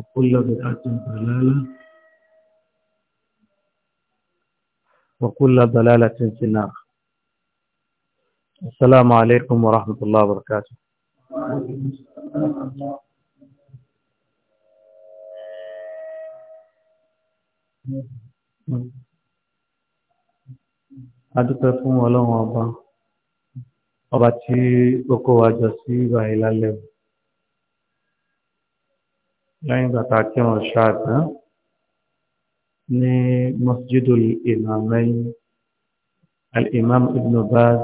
وكل بدعة ضلالة وكل ضلالة في النار السلام عليكم ورحمة الله وبركاته adúpẹ́ fún ọlọ́run ọba ọba tí ó kó wa jọ sí ìbàyí lálẹ́ lẹ́yìn ìgbà tá a kírun ṣáà tán ní masjidul imamain al-imam ibn baz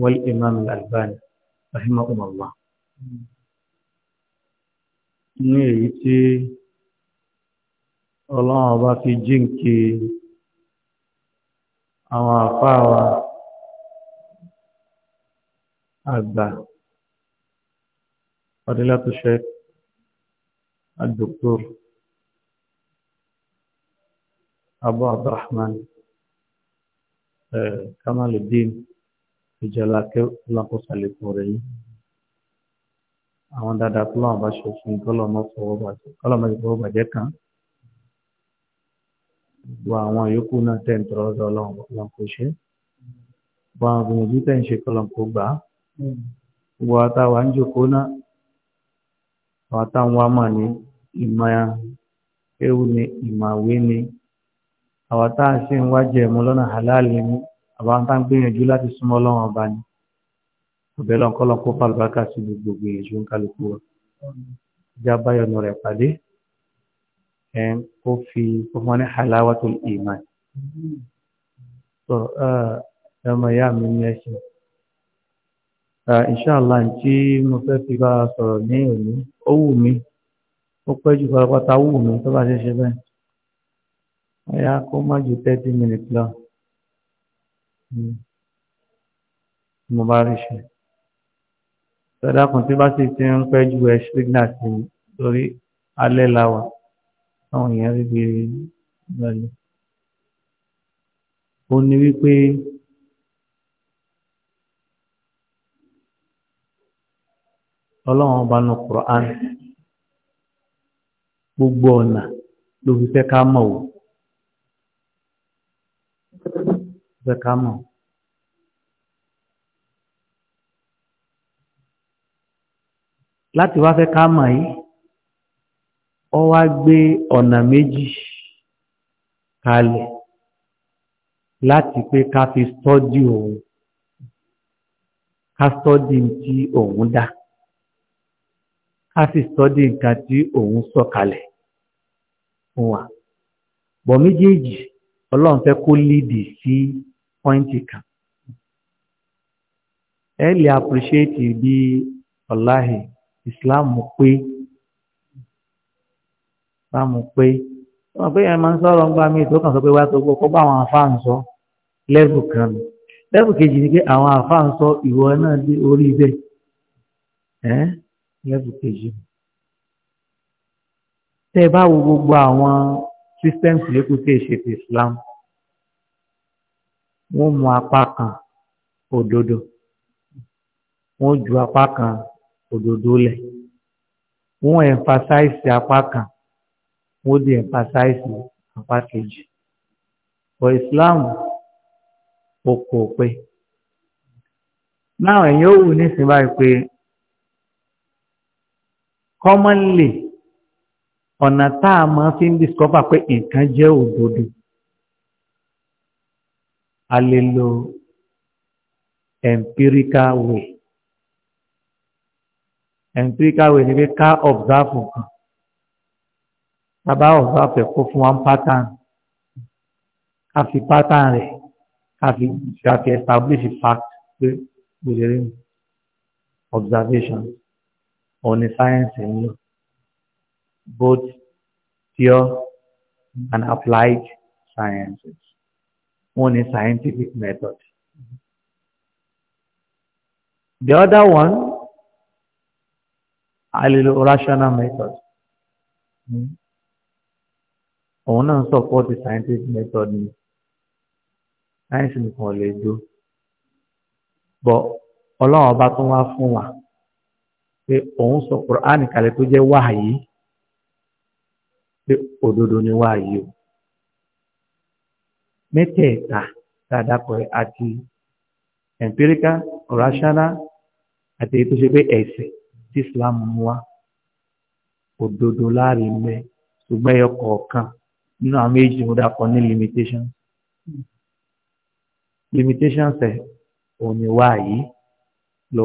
wal imam al-albani rahimahumullah ní èyí tí ọlọ́run ọba fi jíǹkì àwọn àfáà àgbà fadilatu sheikh الدكتور أبو عبد الرحمن كمال الدين ìjọlákẹ́ ọlọ́kọ̀ọ́sà lè kọ̀ rẹ̀ yìí àwọn dáadáa tó láwọn bá ṣe fún kọ́lọ́mọ fọwọ́ bàjẹ́ kọ́lọ́mọ ti fọwọ́ bàjẹ́ kan wọ àwọn yòókù náà tẹ̀ ń tọrọ ọ̀dọ̀ ọlọ́run kò ṣe wọ àwọn gbìyànjú tẹ̀ ń ṣe kọ́lọ́mọ kò gbà á wọ àtàwọn àjòkó náà àwọn táwọn wá mà ní ìmọ̀ ewu ni ìmọ̀ àwé ni àwọn tá à sì ń wájú ẹ̀mú lọ́nà halali ni àwọn tá à ń gbìyànjú láti súnmọ́ lọ́wọ́n ọba ni ọ̀bẹ lọ́nkọ́lọ́n kó fàlùbákà sí gbogbo ìyànjú ń kálukú wa ìjà báyọ̀nù rẹ̀ pàdé ẹ̀ kó fi kó fún wa ní halawatul iman. sọ ah, ẹ ọmọ ìyá mi ní ẹsẹ̀. Ah, inṣáàlá tí mo fẹ́ fi bá a sọ̀rọ̀ ní òní ó wù mí ó pẹ́ jù pátápátá wù mí tó bá ṣe ṣe bẹ́ẹ̀ ọ̀yá kó má ju thirty minutes lọ hmm. mo bá rí ṣe sọdá kan tí bá sì ti ń pẹ́ ju ẹ ṣígbà sí i lórí alẹ́ la àwọn èèyàn rí bí lọ́lẹ̀ ó ní wípé. ọlọ́run ọba nu Qur'an gbogbo ọ̀nà ló fi fẹ́ ká mọ̀ wò fẹ́ ká mọ̀ láti wá fẹ́ ká mọ̀ yìí ọ wá gbé ọ̀nà méjì kalẹ̀ láti pé ká fi stọ́dí òun ká stọ́dí tí òun dá ká sì sọ di nǹkan tí òun sọ kalẹ̀ fún wa bọ̀ méjèèjì ọlọ́run fẹ́ kó lídì sí pọ́ìntì kan ẹ lè appreciate bí ọláhì Islam pé Islam pé wọ́n pé ẹ̀ máa ń sọ̀rọ̀ ńgbà míì tó kàn sọ pé wá tó gbọ́ kó bá àwọn afá ń sọ lẹ́bù kan lẹ́bù kejì ni pé àwọn afá ń sọ ìwọ náà dé orí bẹ́ẹ̀ lẹ́bù kejì tẹ́ ẹ bá wo gbogbo àwọn systems lékún tí èṣe ti Islam wọ́n mú apá kan òdodo wọ́n ju apá kan òdodo lẹ̀ wọ́n emphasize apá kan wọ́n di emphasize apá kejì for Islam ó kò pé náà ẹ̀yin ó wù nísìnyí báyìí pé commonly ọ̀nà tá a fi ń discover pé nǹkan jẹ́ òdodo a lè lo empirical way empirical way ni pé ká observe nǹkan tá a bá observe kó fún wa pattern ká fi pattern rẹ̀ ká fi establish fact pé gbèrè observation òun ni sáyẹ́ǹsì ń lò both pure and applied sciences wọ́n ní scientific method. The other one àlèlò rational method. Òun náà support the scientific method ni. Sáyẹ́ǹsì all lè do. But ọlọ́run ọba tún wá fún wa pé òun sọ Kùránì kalẹ̀ tó jẹ́ wáàyí pé òdodo ni wáàyí o mẹ́tẹ̀ẹ̀ta dáadápọ̀ àti empirical rational àti èyí tó ṣe pé ẹ̀sìn tí Islam mú wá òdodo láàrin mẹ́ ṣùgbọ́n ẹyọ kọ̀ọ̀kan nínú àwọn méjì mo dákọ̀ ní limitations limitations ẹ̀ òun wáàyí ló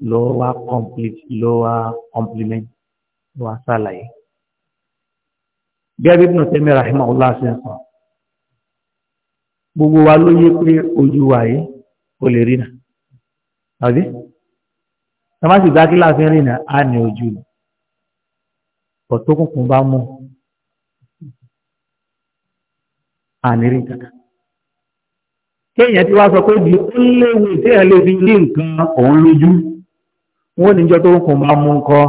ló wá complete ló wá complement ló wá sàlàyé. gẹ́gẹ́ bí Ibn Taymiyyah rahimahullah ṣe ń sọ gbogbo wa ló yé pé ojú wa yìí kò lè rí nà àbí tọ́másì gbá kíláàsì rìn nà á ní ojú ni ọ̀tọ́kùnkùn bá mú àníri kankan kéèyàn ti wá sọ pé di ó léwu tí ẹ lè fi rí nǹkan òun lójú wọ́n níjọ́ tó ń kùn bá mú ńkọ́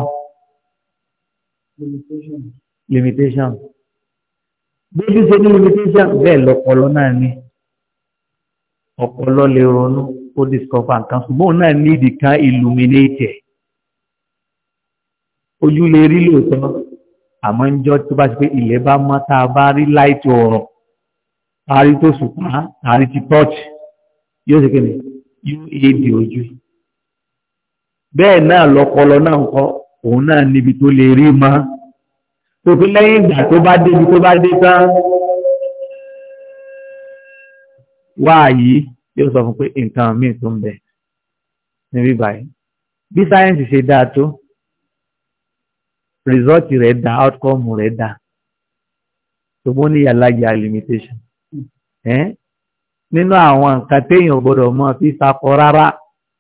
limitation bójú ṣe ní limitation bẹ́ẹ̀ lọ́pọlọ náà ni ọpọlọ lè ronú ó discover nǹkan ṣùgbọ́n náà ní ìdìkà illuminate ojú lè rí lóòótọ́ àmọ́ ń jọ tó bá ti pé ilẹ̀ bá mọ́ tá a bá rí láìtì ọ̀rọ̀ àárí tó sùpá àárí ti touch yóò ṣe kéde yóò éèdì ojú yìí bẹ́ẹ̀ náà lọ́pọlọ náà ń kọ́ òun náà níbi tó lè rí ma tó fi lẹ́yìn ìgbà tó bá débi tó bá dé tán wá yìí yóò sọ fún pé nǹkan míì tó ń bẹ níbí báyìí bí sáyẹ́ǹsì ṣe dáa tó rìsọ́ọ̀tì rẹ̀ dá outcome rẹ̀ dá ṣùgbọ́n ní yàlájà limitation nínú àwọn nǹkan téèyàn gbọ́dọ̀ mọ̀ fi sakọ rárá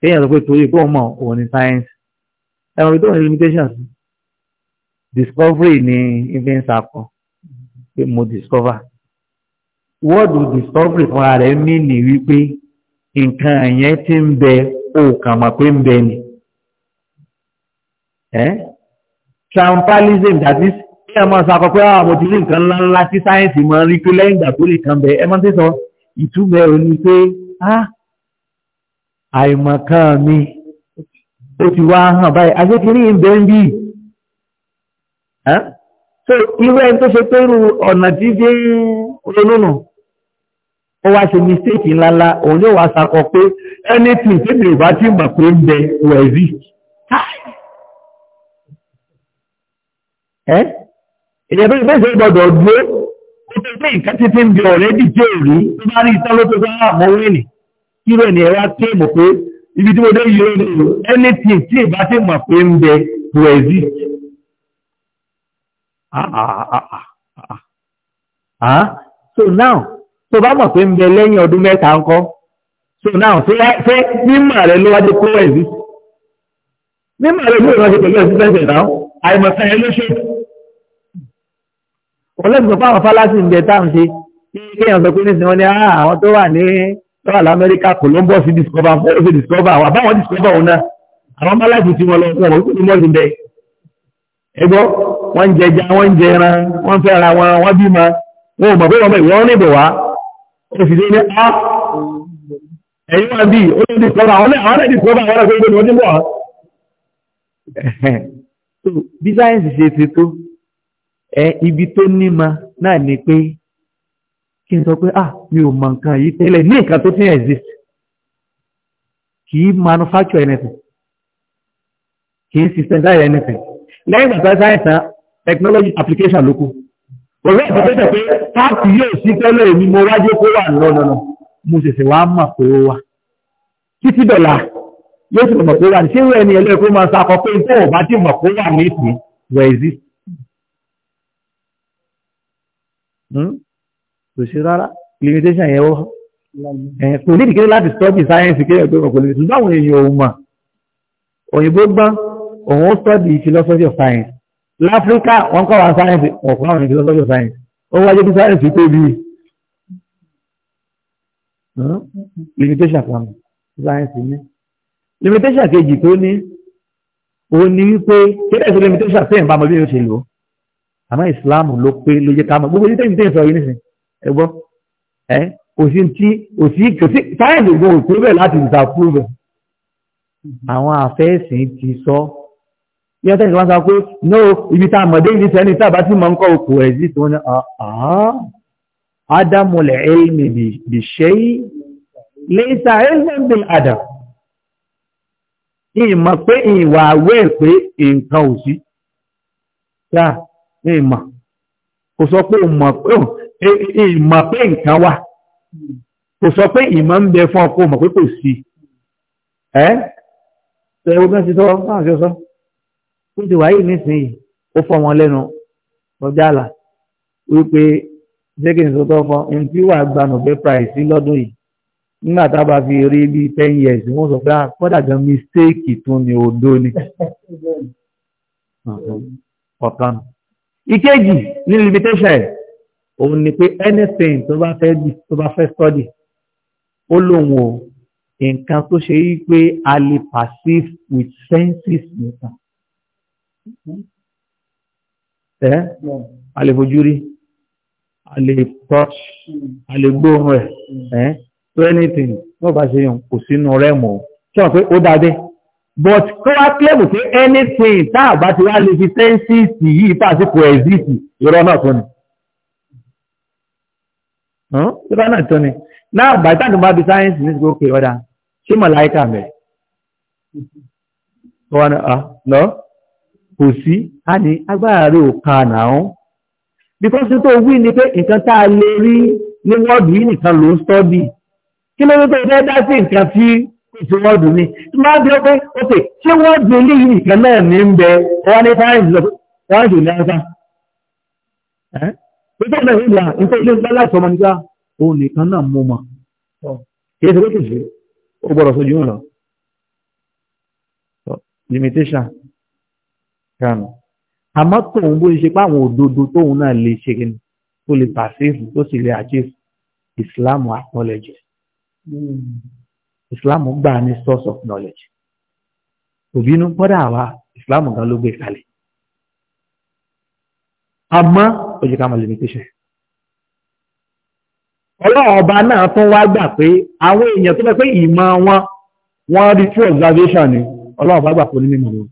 kéèyàn sọ pé torí pé òun mọ̀ òun ni science ẹ̀rọ tó ní limitations discovery ni ife ń pé mo discover wọ́ọ̀dù discovery fúnra rẹ̀ mí ní wípé nǹkan yẹn ti ń bẹ òkàn mọ̀ pé ń bẹ ni trampalism that is kí ẹ máa sakọ pé àwọn ah, mo ti rí nǹkan ńlá ńlá tí sáyẹ́ǹsì máa ń rí pé lẹ́yìn ìgbà tó lè kan bẹ ẹ máa ń tẹ̀sán ìtumọ̀ ò ní pé ah àìmọ̀kan ó ti wá hàn báyìí aṣékiri ìbẹ̀ ń bí so irú ẹni tó ṣe pẹ́rù ọ̀nà tí dé olónà ó wá ṣe mistake ńláńlá òun yóò wá sakọ pé anything ò bá ti mọ̀ pé ń bẹ wẹ̀rí ìjẹ́bí ìgbésẹ̀ dúró ó ti pé kíro ẹni ẹwà tí mọ̀ pé ibi tí mo dé yìí lórí anything tí ìbá tí mọ̀ pé ń bẹ kò ẹ̀zí ah, ah, ah, so now tó bá mọ̀ pé ń bẹ lẹ́yìn ọdún mẹ́ta ń kọ́ so now fẹ́ mímọ̀ rẹ̀ ló wájú kó ẹ̀zí mímọ̀ rẹ̀ ló wájú pẹ̀lú ẹ̀zí fẹ́fẹ́ náà àìmọ̀sán ẹ̀ ló ṣe ọlọ́gbọ̀n fáwọn fálásì ń bẹ táwọn ṣe kí ẹ̀yàn sọ pé nísìnyí wọ́n ní àwọn tó wà ní lọ́wọ́ lamẹ́ríkà Columbus discover fẹ́rẹ́fẹ́ discover àwọn àbáwọn discover ọ̀nà àwọn discover tí wọ́n lọ wọ́n wọ́n ní mọ́sí bẹ́ẹ̀ ẹgbọ́ wọ́n ń ndị wọ́n ń jẹran wọ́n fẹ́ wọn wọ́n bí ma wọ́n mọ̀ pé wá ó sì ní á ah! ẹ̀yìn wọn bí ó discover àwọn náà discover àwọn ọ̀rẹ́ ibi tó ní ma náà ni kí n sọ pé ah mi ò mọ̀ nǹkan yìí tẹ́lẹ̀ ní nǹkan tó ti exist kì í manufacture anything kì í systemize anything lẹ́yìn ìgbà tó sáyẹ̀nsì technology application ló kù òwe ìfọ̀sẹ̀sẹ̀ pé káàkì yóò sí tẹ́lẹ̀ mi mo rájé kó wà lọ́nà mo ṣẹ̀ṣẹ̀ wá mọ̀ pé ó wà títí dọ̀là yóò sì mọ̀ pé wà ní ṣé wẹ́ẹ̀ ni ẹlẹ́ẹ̀kọ́ máa sakọ pé tó ò bá ti mọ̀ pé wà ní ìsìn wẹ̀ exist kò ṣe rárá limitation yẹn wọ́ ẹ̀yìn kò ní ìdíkẹ́ láti study science kéèyàn pé ọkọ̀ lè ṣùgbọ́n àwọn èèyàn ò mà òyìnbó gbọ́n òun ó study philosophy of science láfíríkà wọ́n kọ́ wa science ọ̀pọ̀ àwọn philosophy of science ó wáyé bí science tó bí hmm? limitation kan science ní limitation kejì tó ní ó ní wípé kéde ìṣe limitation sẹ́yìn bá mọ bí ó ṣe lò àmọ́ ìsìláàmù ló pé ló yẹ ká mọ gbogbo yìí tẹ́yìn tẹ́yìn sọ yìí nísìnyí ẹgbọ́ ẹ òsì tí òsì kòsí sáyẹ̀nsì gbogbo òkú bẹ̀ láti disapprove àwọn àfẹ́sìn ti sọ yẹ́ tẹ́sí wọ́n sọ pé no ibi tá àmọ̀dé ìdí sẹ́ni tàbá tí mọ̀ ń kọ́ òkú ẹ̀ sí tó ní àádámọ̀lẹ̀ ah, ah. elmi bí ṣe lẹ́sà elmi bí adam ìmọ̀ pé ìwà àwẹ́ pé nǹkan ò sí yá ìmọ̀ kò sọ pé ìmọ̀ pé òun ìmọ̀ pé nǹkan wà kò sọ pé ìmọ̀ ń bẹ fún ọkọ̀ mọ̀ pé kò sí ẹ́ tẹ̀wọ́ bẹ́ẹ̀ ti tọ́wọ́ máa ṣe sọ ó ti wáyé nísìnyí ó fọ́ wọn lẹ́nu ọjà àlà wípé jẹ́kì ní sọ́tọ́ fún ẹni tí wà gba nobel prize sí lọ́dún yìí nígbà tá a bá fi rí bíi ten years wọ́n sọ pé ah, kọ́dà gan mistake tún ni òdo ni ọ̀kan ìkejì ní limitation òun ni pé anything tó bá fẹ́ dì tó bá fẹ́ study ó lòun o nǹkan tó ṣe yí pé a lè perceive with senses nìkan ẹ a lè fojú rí a lè touch a lè gbóhùn ẹ so anything tí wọ́n bá ṣe yàn kò sínú rẹ́mù o ṣé wọ́n pé ó dáa but kó wá claim pé anything tá a bá ti wá lè fi senses yìí pàṣípò exist ìrọ́ náà tó ni tó bá náà tán ni náà bàtà tó bá bi sáyẹ́nsì ní ti kó pè ọ́dà ṣé màláìkà mẹ́ wọn lọ kò sí a ní agbára rẹ̀ ò kan náà because tó wí ni pé nǹkan tá a lè rí ní wọ́ọ̀dù yìí nìkan ló ń sọ́ọ̀dì kí ló tó fẹ́ dá sí nǹkan tí ìṣe wọ́ọ̀dù ni tí máa bí ọpẹ́ ọpẹ́ ṣé wọ́ọ̀dù ilé yìí nìkan náà ní ń bẹ wọ́n ní fáyìn lọ pẹ̀lú ẹ̀dá ìlà ìtọ́jú ìgbà láti ọmọ nígbà òun nìkan náà mú ma kìí ṣe lókè sí ó gbọ́dọ̀ sójú wọn lọ limitation kanu àmọ́ tóun bó ṣe pé àwọn òdodo tóun náà lè ṣe kí ni tó lè pàṣẹ́fù tó sì lè source of knowledge òbínú gbọ́dọ̀ àwa Islam gan ló gbé kalẹ̀ àmọ́ ó jẹ́ ká mọ̀ limitation. ọlọ́run ọba náà tún wá gbà pé àwọn èèyàn tó lọ pé ìmọ̀ wọn wọ́n rí true observation ni ọlọ́run ọba gbà pé onímọ̀ wọn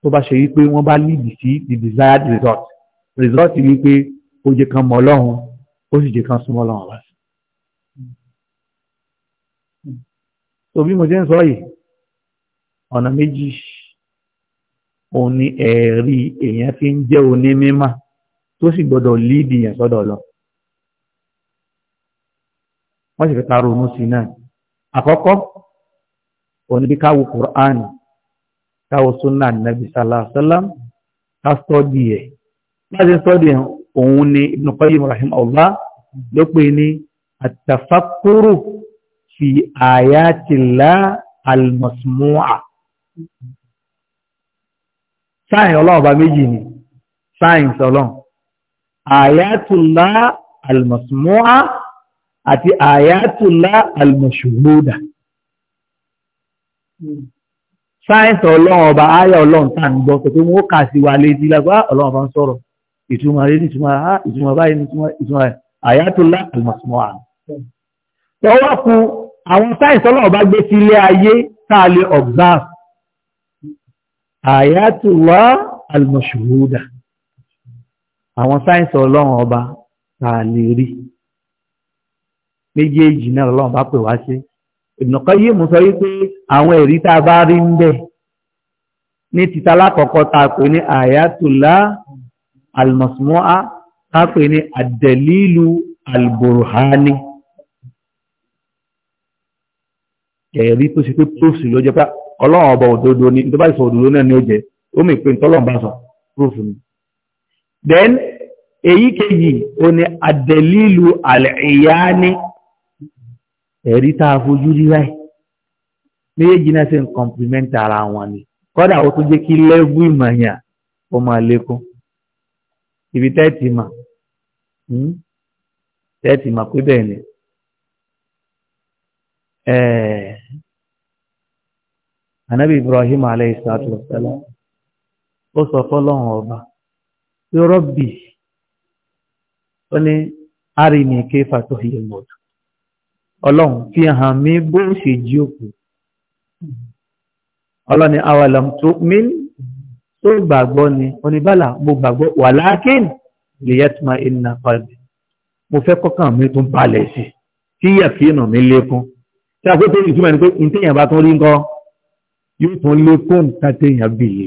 tó bá ṣe wípé wọ́n bá lead sí the desired result result ni pé ó jẹ́ kan mọ̀ ọlọ́run ó sì jẹ́ kan súnmọ́ ọlọ́run ọba sí. tó bí mo ṣe ń sọ yìí ọ̀nà méjì òun ni ẹ̀rí èèyàn fi ń jẹ́ onímímọ́ tó sì gbọ́dọ̀ líìdì yẹn sọ́dọ̀ lọ wọ́n sì fi ká ronú sí náà àkọ́kọ́ òun bí káwo Qur'an káwo sunna nabi sallallahu alaihi ká sọ́dí ẹ̀ láti sọ́dí ẹ̀ òun ni Ibn Qayyim rahimahullah ló pè ní at fi ayatillah al-masmu'a sáyìn ọlọ́ọ̀bá méjì ni sáyìn sọlọ́n àyàtùlá almasmua àti àyàtùlá almashuhuda sáyìn ọlọ́ọ̀bá ayà ọlọ́ọ̀n tá ń gbọ́ pé wọ́n kà sí wa létí lágbá ọlọ́ọ̀bá ń sọ̀rọ̀ ìtumọ̀ rẹ̀ ah, ìtumọ̀ báyìí ìtumọ̀ àyàtùlá almasmua tọwọ́ ayé àyàtùwá almọ̀ṣùhúdà àwọn sáyẹ̀nsì ọlọ́run ọba ta lè rí méjèèjì náà ọlọ́run bá pè wá sí ìbùnàkọ́ yìí mú sọ wípé àwọn ẹ̀rí tá a bá rí ń bẹ̀ ní títa lákọ̀ọ́kọ́ ta pè ní àyàtùlá almọ̀sùmọ́á ta pè ní àdẹ̀lílu alburhani ẹ̀rí tó ṣe pé pósì ló jẹ́ ọlọ́run ọba òdodo ní tó bá ìsọ òdodo náà ní ó jẹ ó mì pé tọ́lọ́run bá sọ ni then èyí kejì ó ní àdẹ̀lílu àlẹ̀yá ní ẹ̀rí tá a fojú rí láì méjèèjì náà sì ń complement ara wọn ni ó tún jẹ́ kí ibi tẹ́ẹ̀tì mà hmm? tẹ́ẹ̀tì mà pé bẹ́ẹ̀ ànábì Ibrahim alayhi salatu wa salam ó sọ fọ́lọ́hun ọba rọ́bì ó ní àrìní kéfà tó yẹ mọ́tò ọlọ́run fi hàn mí bó ṣe jí òkú ọlọ́ni awalam tu'min tó gbàgbọ́ ni oníbàlà mo gbàgbọ́ walakin liyatma inna qalbi mo fẹ́ kọ́kàn mi tún balẹ̀ sí kí yàkínà mi lékún tí a pé pé ìtumọ̀ ni pé ìtẹ̀yìn bá tún rí nǹkan yóò tún lékún nǹkan téèyàn bìlì.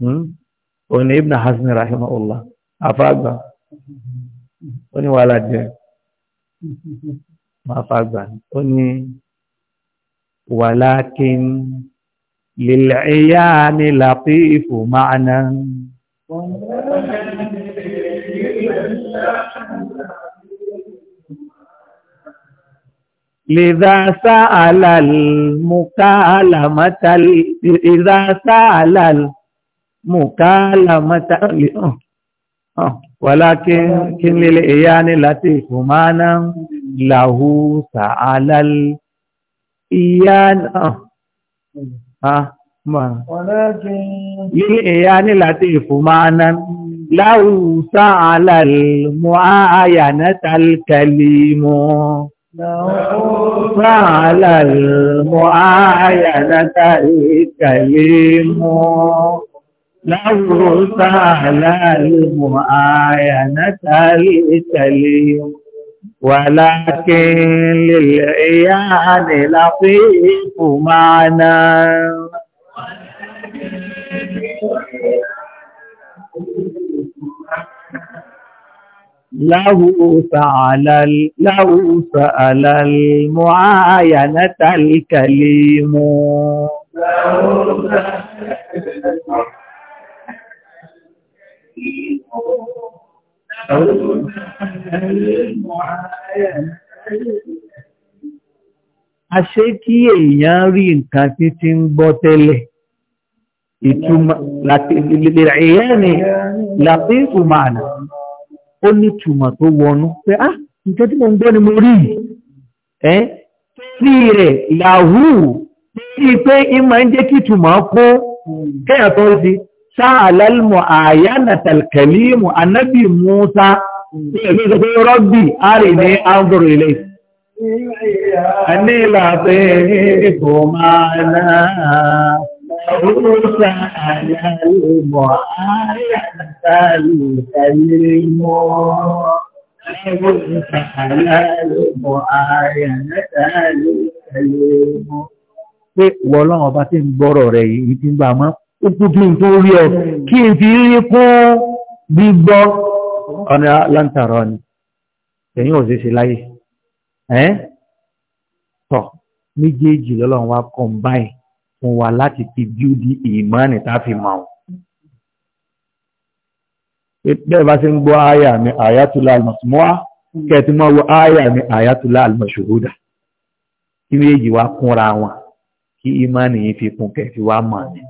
Hmm? òní ibn hasan rahimahullah afáàgbà ó ní wàhálà jẹ máa fàgbà ó ní wàlákin lil iyani latifu ma'nan. إذا سأل المكالمة إذا سأل المكالمة ولكن كن للإيان التي كمانا له سأل الإيان ها ما للإيان التي كمانا له سأل المعاينة الكليم على المعاينة الكريم لو فعلى المعاينة الكريم ولكن للعيان لطيف معنى له فعل له فعل المعاينة الكليم Aṣé kí èèyàn rí nǹkan tí ti ń gbọ́ tẹ́lẹ̀, ìtumọ̀ láti ìlera ìyẹ́ ni, láti ìtumọ̀ náà. ó ní túmọ̀ tó wọnú pé á ah, nǹkan tí mo ń gbọ́ ni mo rí ẹ́ tí rẹ̀ yahoo tí pé ìmọ̀ ń jẹ́ kí túmọ̀ kó kéèyàn tó ń sí sáàlálmọ̀ àyánà tàlkàlímù anábì Musa tí ẹ̀mí sọ pé rọ́bì àrì ní náà موسى على المعاية يكلمه موسى على المعاية يكلمه pé wọ́n lọ́wọ́ bá ti ń gbọ́rọ̀ rẹ̀ yìí ti ń gbà mọ́ ó kú kí n tó rí ọ kí n fi rí kún gbígbọ́ ọ̀nà láǹtàrọ̀ ni ẹ̀yìn ò ṣeéṣe láyé ẹ́ tọ̀ méjèèjì lọ́lọ́run wá kọ̀ báyìí fún wa láti fi bíúdí ìmánì tá fi mọ̀ ọ́n. bẹ́ẹ̀ bá ṣe ń gbọ́ àyà mi àyàtúlá àlùmọ̀sùmọ́á kẹ́ẹ̀tì mọ́ wọ àyà mi àyàtúlá àlùmọ̀ṣòhódà kí méjì wá kúnra wọn kí ìmánì yìí fi kún kẹ́ẹ̀tì wá mọ̀ ni.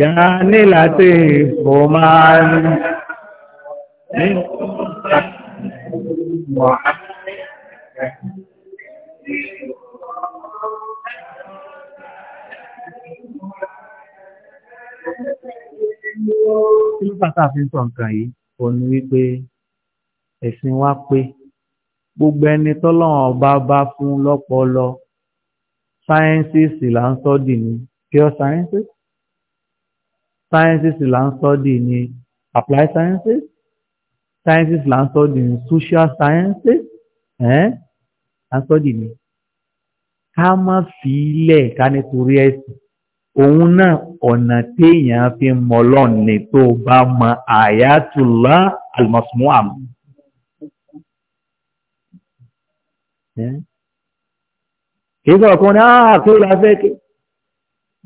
Yàní láti fò máa ń ní ọ̀pọ̀ kí ló fàtà fi ń sọ nǹkan yìí ó ní wípé ẹ̀sìn wa pé gbogbo ẹni tọ́lọ́wọ́n bá bá fún lọ́pọlọ sciences là ń sọ́dì ní pure sciences sciences là ń sọ́dì ní applied sciences sciences là ń sọ́dì ní social sciences. Eh? asọ́dì ni ká má fi ilẹ̀ ká nítorí ẹ̀sìn òun náà ọ̀nà téèyàn fi mọ Ọlọ́run tó bá mọ àyàtúlá almasmuam kìí sọ̀rọ̀ kan ní ààkéwò ah, láfẹ́ kí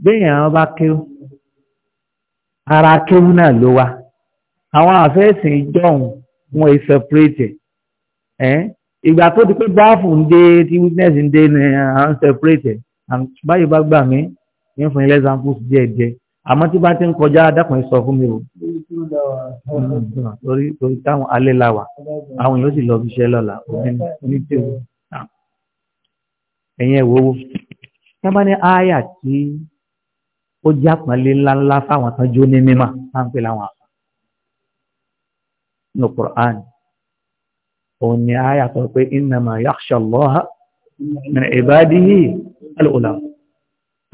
béèyàn bá kéwò ara kéwò náà ló wá àwọn àfẹ́sìn jọ̀hún wọn ì separate ẹ̀ ìgbà tó ti pé báàfù ń dé tí witness ń dé ni à ń separate ẹ̀ báyìí bá gbà mí ní fún ilé examples díẹ̀ díẹ̀ àmọ́ tí bá ti ń kọjá dákùn sọ fún mi o torí torí táwọn alẹ́ la wà àwọn èèyàn sì lọ fi ṣẹ́ lọ́la ní tí o ẹ̀yìn ẹ̀wọ́wọ́ tábà ní àyà tí ó jẹ́ àpọ́nlé ńláńlá fáwọn kan jó ní mímọ́ táwọn láwọn àpá ní Kùránì òun ni àyà sọ pé innama yakhsha Allaha min ibadihi al-ulama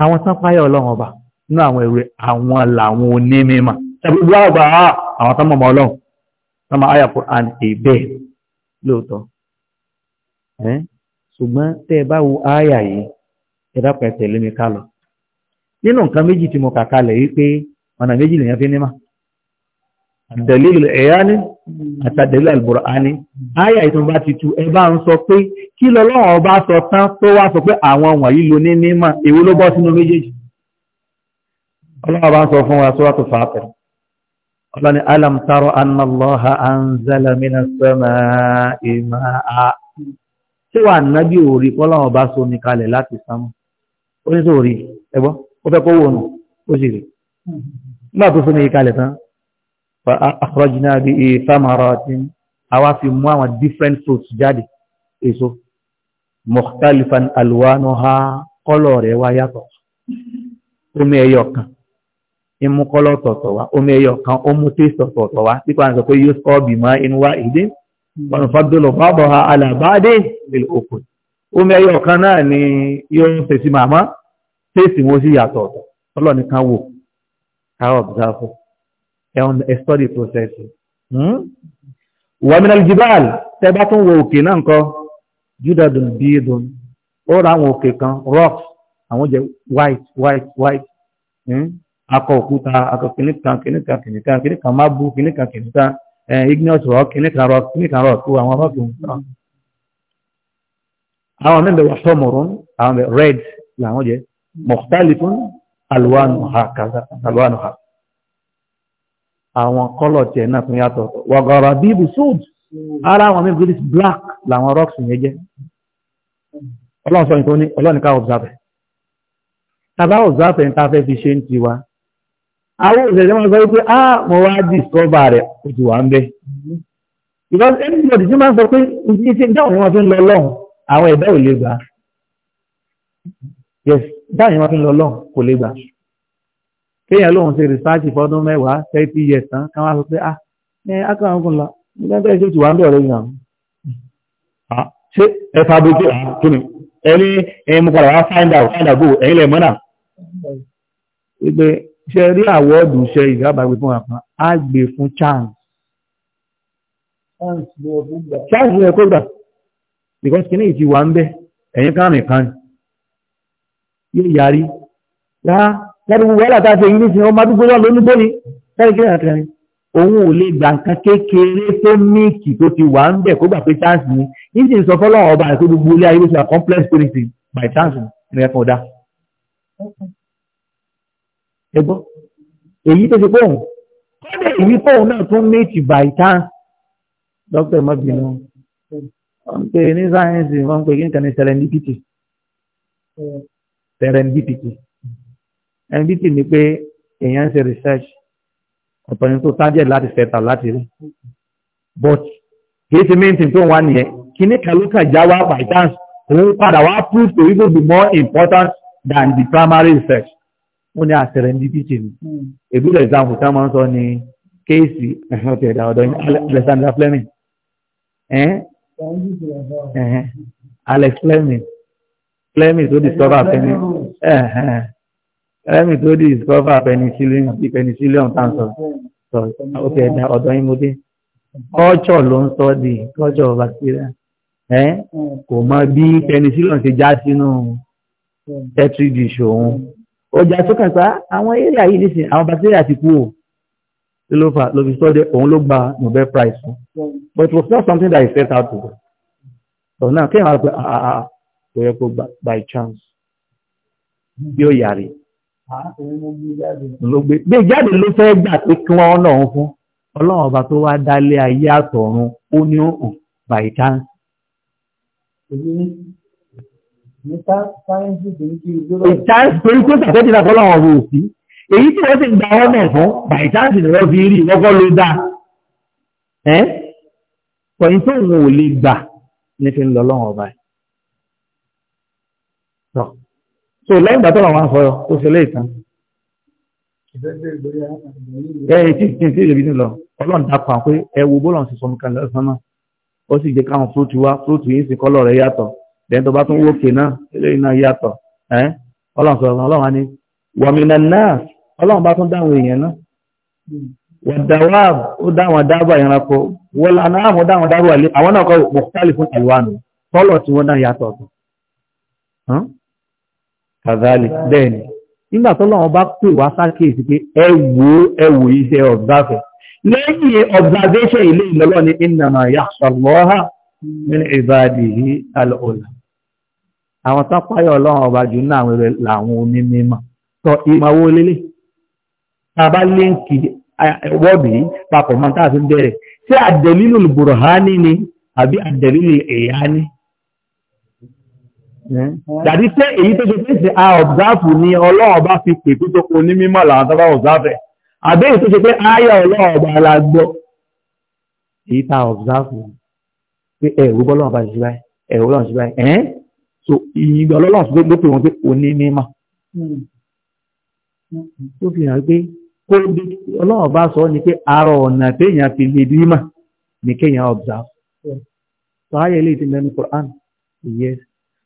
àwọn tán páyà ọlọ́run ọba nínú àwọn èrè àwọn làwọn onímọ̀ ṣàbíwá ọba ah! àwọn tán mọ̀mọ́ ọlọ́run tán máa àyà Qur'an ìbẹ́ lóòótọ́ ṣùgbọ́n tẹ́ ẹ bá wo àyà yìí ẹ dápẹ́ tẹ̀lé mi ká lọ nínú al-Qur'ani Áyà ìtàn bá ti tu ẹbá ń sọ pé kí lọ́lọ́run ọba sọ tán tó wá sọ pé àwọn wọ̀nyí lo ní nímọ̀ èwo ló bọ́ sínú méjèèjì. Ọlọ́run bá ń sọ fún wa Suratu Fatir. Ọlọ́ni alam taro anna Allaha anzala minas samaa'i ma'a. Ṣé wà nábì tó sọ ní kalẹ̀ àwa fi mú àwọn different fruits jáde èso mukhtalifan alwanuha kọ́lọ̀ rẹ̀ wá yàtọ̀ omi ẹyọ kan imú kọ́lọ̀ tọ̀tọ̀ wá omi ẹyọ kan ó mú taste tọ̀tọ̀ wá pípa àwọn sọ pé yóò sọ́ bìmọ́ inú wá ìdí wọn fàdúlọ̀ bábọ̀ ha alàbáde nílùú òkú omi ẹyọ kan náà ni yóò ń fèsì màmá taste wọn sì yàtọ̀ ọ̀tọ̀ kọ́lọ̀ nìkan wò ká observe ẹ̀ ẹ̀ study process. Hmm? wàmínà jibal tẹ́bá tún wo òkè náà nǹkan judadun bídun ó ra àwọn òkè kan rocks àwọn jẹ white white white hmm? akọ òkúta akọ kìnìkan kìnìkan kìnìkan kìnìkan má bú kìnìkan kìnìkan eh, igneous rock kìnìkan rock kìnìkan rock wo àwọn rock nǹkan àwọn mẹ́bẹ̀ wà sọ́mọ̀rún àwọn red làwọn jẹ mọ̀tálìfún alwanu ha kàzá alwanu ha àwọn kọ́lọ̀ tiẹ̀ náà tún yàtọ̀ wọ̀gọ̀rọ̀ bíbù sud ara àwọn mẹ́rin gírísì black làwọn rocks yẹn jẹ́ ọlọ́run sọ nǹkan ní ọlọ́run ká observe tàbá observe nǹkan fẹ́ fi ṣe ń tiwa àwọn òṣèré a ah, mo wá o ti wà ń bẹ́ because anybody tí máa ń sọ pé ní ṣe dáhùn yes dáhùn wọn fi ń lọ kéèyàn lóun ṣe rìsáàjì fọdún mẹ́wàá thirty years tán ká wá sọ pé ah ẹ akọ̀wé ogun lọ nígbà bẹ́ẹ̀ ṣe ti wà ń bẹ̀rẹ̀ yàn. ṣé ẹ fabricate kí ni ẹni ẹ mú padà wá find out find out go ẹ̀yin lẹ̀ mọ́nà. ìgbẹ́ ṣe rí àwọ́ọ̀dù ṣe ìgbàgbé fún àpá á gbé fún chance. chance ni ẹ̀kọ́ gbà because kí ni ìtì wà ń bẹ̀ ẹ̀yin kan nìkan yóò yarí lẹ́nu gbogbo ẹ̀là tàbí èyí nísìnyí ọmọ àdúgbò náà lónìí tó ní sẹ́ni kí ẹ̀rìn òun ò lè gbà nǹkan kékeré tó míìkì tó ti wà ń bẹ̀ kó gbà pé chance ni yìí sì ń sọ fọ́lọ́wọ́ ọba àti gbogbo ilé ayé ló ti wà complex parenting by chance ni ẹ̀kan ọ̀dà. ẹ gbọ́ èyí tó ti pé òun kọ́dà èyí fóun náà tún méjì by chance dókítà ẹ̀ má bínú wọ́n ń ní sáyẹ́nsì wọ́n ń pè ní serendipity serendipity ẹni bí sì ni pé èèyàn ń ṣe research ọ̀tọ̀ ni tó target láti fẹ́ta láti rí but kìí ṣe main thing tó wà nìyẹn kíní kan ló kàn já wá by chance òun padà wá prove to even be more important than the primary research wọ́n ní àṣẹrẹ̀ ní títì A good example tí wọ́n máa ń sọ ní kéèsì ọ̀tẹ̀ ẹ̀dà ọ̀dọ̀ Alexander Fleming Alex Fleming Fleming tó discover Fleming ẹlẹ́mì tó di discover penicillin bí penicillin tá So, okay, sọ ok ẹ̀dá ọ̀dọ́ yín mo dé culture ló ń sọ di culture of bacteria ẹ kò mọ bí penicillin ṣe já sínú petri dish òun ọjà tó kà sá àwọn area yìí nísìnyí àwọn bacteria ti kú o tí ló fà ló fi sọ de òun ló gba but it was not something that he set out to do so now kéèyàn á ah ah ah by chance yóò yàrá lógbe gbé jáde ló fẹ́ gbà pé kí wọ́n ọlọ́run fún ọlọ́run ọba tó wá dálé ayé àtọ̀run ó ní òun by chance. chance torí pé sàtẹ́tì náà fọlọ́run ọba òsì èyí tí wọ́n ti gba ọ̀nà fún by chance ni wọ́n fi rí wọ́kọ́ ló dá ẹ́ pọ̀yìn tó òun ò lè gbà ní fi ń lọ ọlọ́run ọba yìí. so lẹ́yìn ìgbà tọ́lọ̀ wọn afọyọ ó ṣe léè tán ẹ ẹ tí tí tí ìrèbí nílọ ọlọ́run dapọ̀ pé ẹ wo bọ́ọ̀lù ọ̀sìn sọmú kan lọ́sàn náà ó sì jẹ́ káwọn fúrúùtù wá fúrúùtù yìí sì kọ́lọ̀ rẹ̀ yàtọ̀ lẹ́yìn tó bá tún wókè náà eléyìí náà yàtọ̀ ẹ ọlọ́run sọ̀rọ̀ ọlọ́run á ní wàmínà náà ọlọ́run bá tún dáhùn èèyàn náà wàdàwàb ó dáwọn dábà ìranko wọ́n anáàmù dáwọn dábà àwọn náà kọ́ mọ̀kútàlì fún ìwánu tọ́lọ̀ tí wọ́n náà yàtọ̀ ọ̀tọ̀ kàzálì bẹ́ẹ̀ ni nígbà tó lọ́wọ́ bá pè wá sákèsí pé ẹ wò ẹ wò iṣẹ́ ọ̀gbáfẹ́ lẹ́yìn observation ilé ìlọ́lọ́ ni innama yakhsha Allaha min ibadihi al-ulama àwọn tápáyọ̀ ọlọ́run ọba jù náà àwọn ẹ̀rẹ̀ làwọn onímọ̀ tọ ìmọ̀wó lélẹ̀ tàbá líǹkì wọ́bì Dàdí pé èyí tó ṣe pé a ọ̀bzáàfù ni ọlọ́run bá fi pè tó tókò ní mímọ̀ làwọn tó bá ọ̀bzáàfẹ́. Àbẹ́ èyí tó ṣe pé ayọ̀ ọlọ́run bá la gbọ́. Èyí ta ọ̀bzáàfù pé ẹ̀rù bọ́lọ́run bá ṣe báyìí, ẹ̀rù bọ́lọ́run ṣe báyìí. Ẹ̀ẹ́n so ìgbà ọlọ́run ṣe ló pè wọ́n pé òní mímọ̀. Hmm. Hmm. Tó fi hàn pé kó ọlọ́run bá sọ ni pé àrọ̀ ọ̀nà téèyàn fi lè dímọ̀ ni kéèyàn ọ̀bzáàfù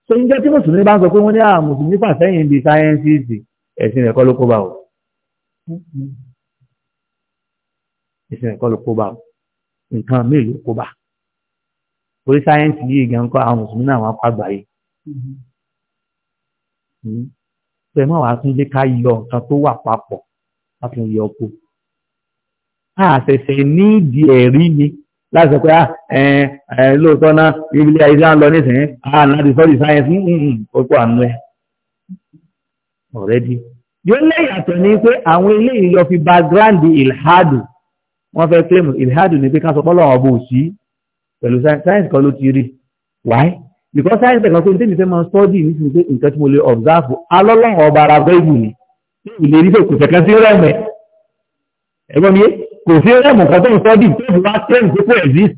so ń jẹ́ tí mùsùlùmí bá ń sọ pé wọ́n ní àwọn ah, mùsùlùmí fàṣẹ́yìn bíi sáyẹ́ńsìsì ẹ̀sìn ẹ̀kọ́ ló kó bá o ẹ̀sìn ẹ̀kọ́ ló kó bá o nǹkan mélòó kó bá orí sáyẹ́ǹsì yìí gan kọ́ àwọn mùsùlùmí náà wọ́n pa àgbáyé pé mọ́ wàá tún jẹ́ ká yọ nǹkan tó wà papọ̀ láti yọ ọkọ̀ àṣẹ̀ṣẹ̀ ní ìdí ẹ̀rí ni láti sọ pé ah, ẹ lóòótọ́ náà ilé ayé ń lọ nísìnyí àná the story science orúkọ hmm, hmm, hmm, àánú ẹ already yóò lẹ́yàtọ̀ ní pé àwọn eléyìí lọ fi background ilhadu wọ́n fẹ́ claim ilhadu ní pé ká sọ pé ọlọ́run ọba ò sí pẹ̀lú science kan ló ti rí why because science kan pé nítorí fẹ́ máa study nítorí pé nǹkan tí mo lè observe alọ́lọ́run ọba ara fẹ́ ìlú ni ìlérí pé kò fẹ́ kan sí rẹ̀ mẹ́ ẹgbọ́n mi yé kò sí rẹ́ẹ̀mù kan tó ń sọ́dí tó fi wá tẹ́ẹ̀mù tó kò exist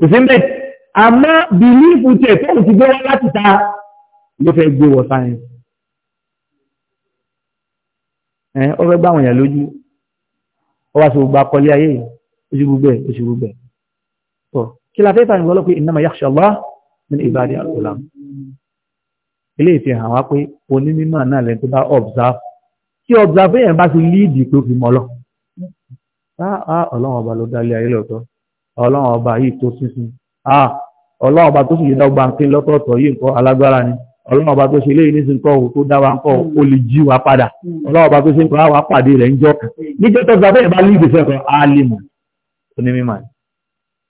kò sí mẹ́ àmọ́ bìlífù tiẹ̀ tó ń ti gbé wá láti ta ló fẹ́ gbé wọ sáyẹ̀nsì ẹ̀ ọ fẹ́ gbáwọn èèyàn lójú ọ wá sí gbogbo akọlé ayé oṣù gbogbo ẹ̀ oṣù gbogbo ẹ̀ tọ́ kí la fẹ́ fà ní ọlọ́pẹ́ innama yakhsha Allah min ibadi al-ulama ilé ìfihàn wá pé onímọ̀ náà lẹ́ni tó bá observe tí observation bá ti líìdì tó fi mọ́ lọ. ọlọ́run ọba ló dálé ayé lọ́tọ̀ ọlọ́run ọba yìí tó sísun ọlọ́run ọba tó sì yẹ dọ́gba nǹkan lọ́tọ̀ọ̀tọ̀ yìí nǹkan alágbára ni ọlọ́run ọba tó ṣe léyìí nísìnyí kọ́ òun tó dá wa kọ́ ó lè jí wa padà ọlọ́run ọba tó ṣe ń kọ́ àwa pàdé rẹ̀ ń jọ́ níjọ́ tó observation bá líìdì sẹ́kọ̀ọ́ á lè mọ̀ onímọ̀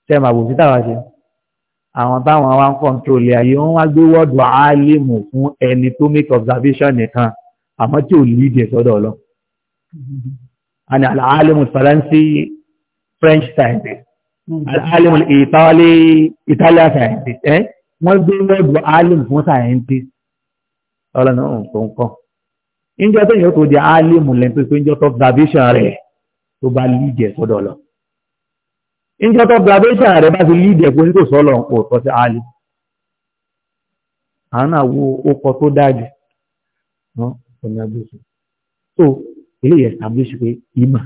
tẹ́ màbò sí táwa ṣe àwọn táwọn wa ń kọ́ńtrólì ayé wọ́n wá gbé wọ́ọ̀dù àálìmù fún ẹni tó make observation nìkan àmọ́ tí ò lídì ẹ̀ sọ́dọ̀ ọlọ́ àni aláàlẹ́mù french science hmm. aláàlẹ́mù ìtàlẹ́ italian science ẹ́ wọ́n gbé wẹ́bù alim fún science ọlọ́nà tó ń kọ́ ìjọ tó yẹ kó di alim lẹ́ntó pé ìjọ tó observation rẹ̀ tó bá lídì ẹ̀ sọ́dọ̀ ọlọ́ ìjọ tó observation rẹ̀ bá ti lídì ẹ̀ pé ní kò sọ́lọ̀ kò tọ́ sí alim àwọn àwo okọ̀ tó dájú ọ̀nà agbóṣù so ilé yẹn establish pé ìmọ̀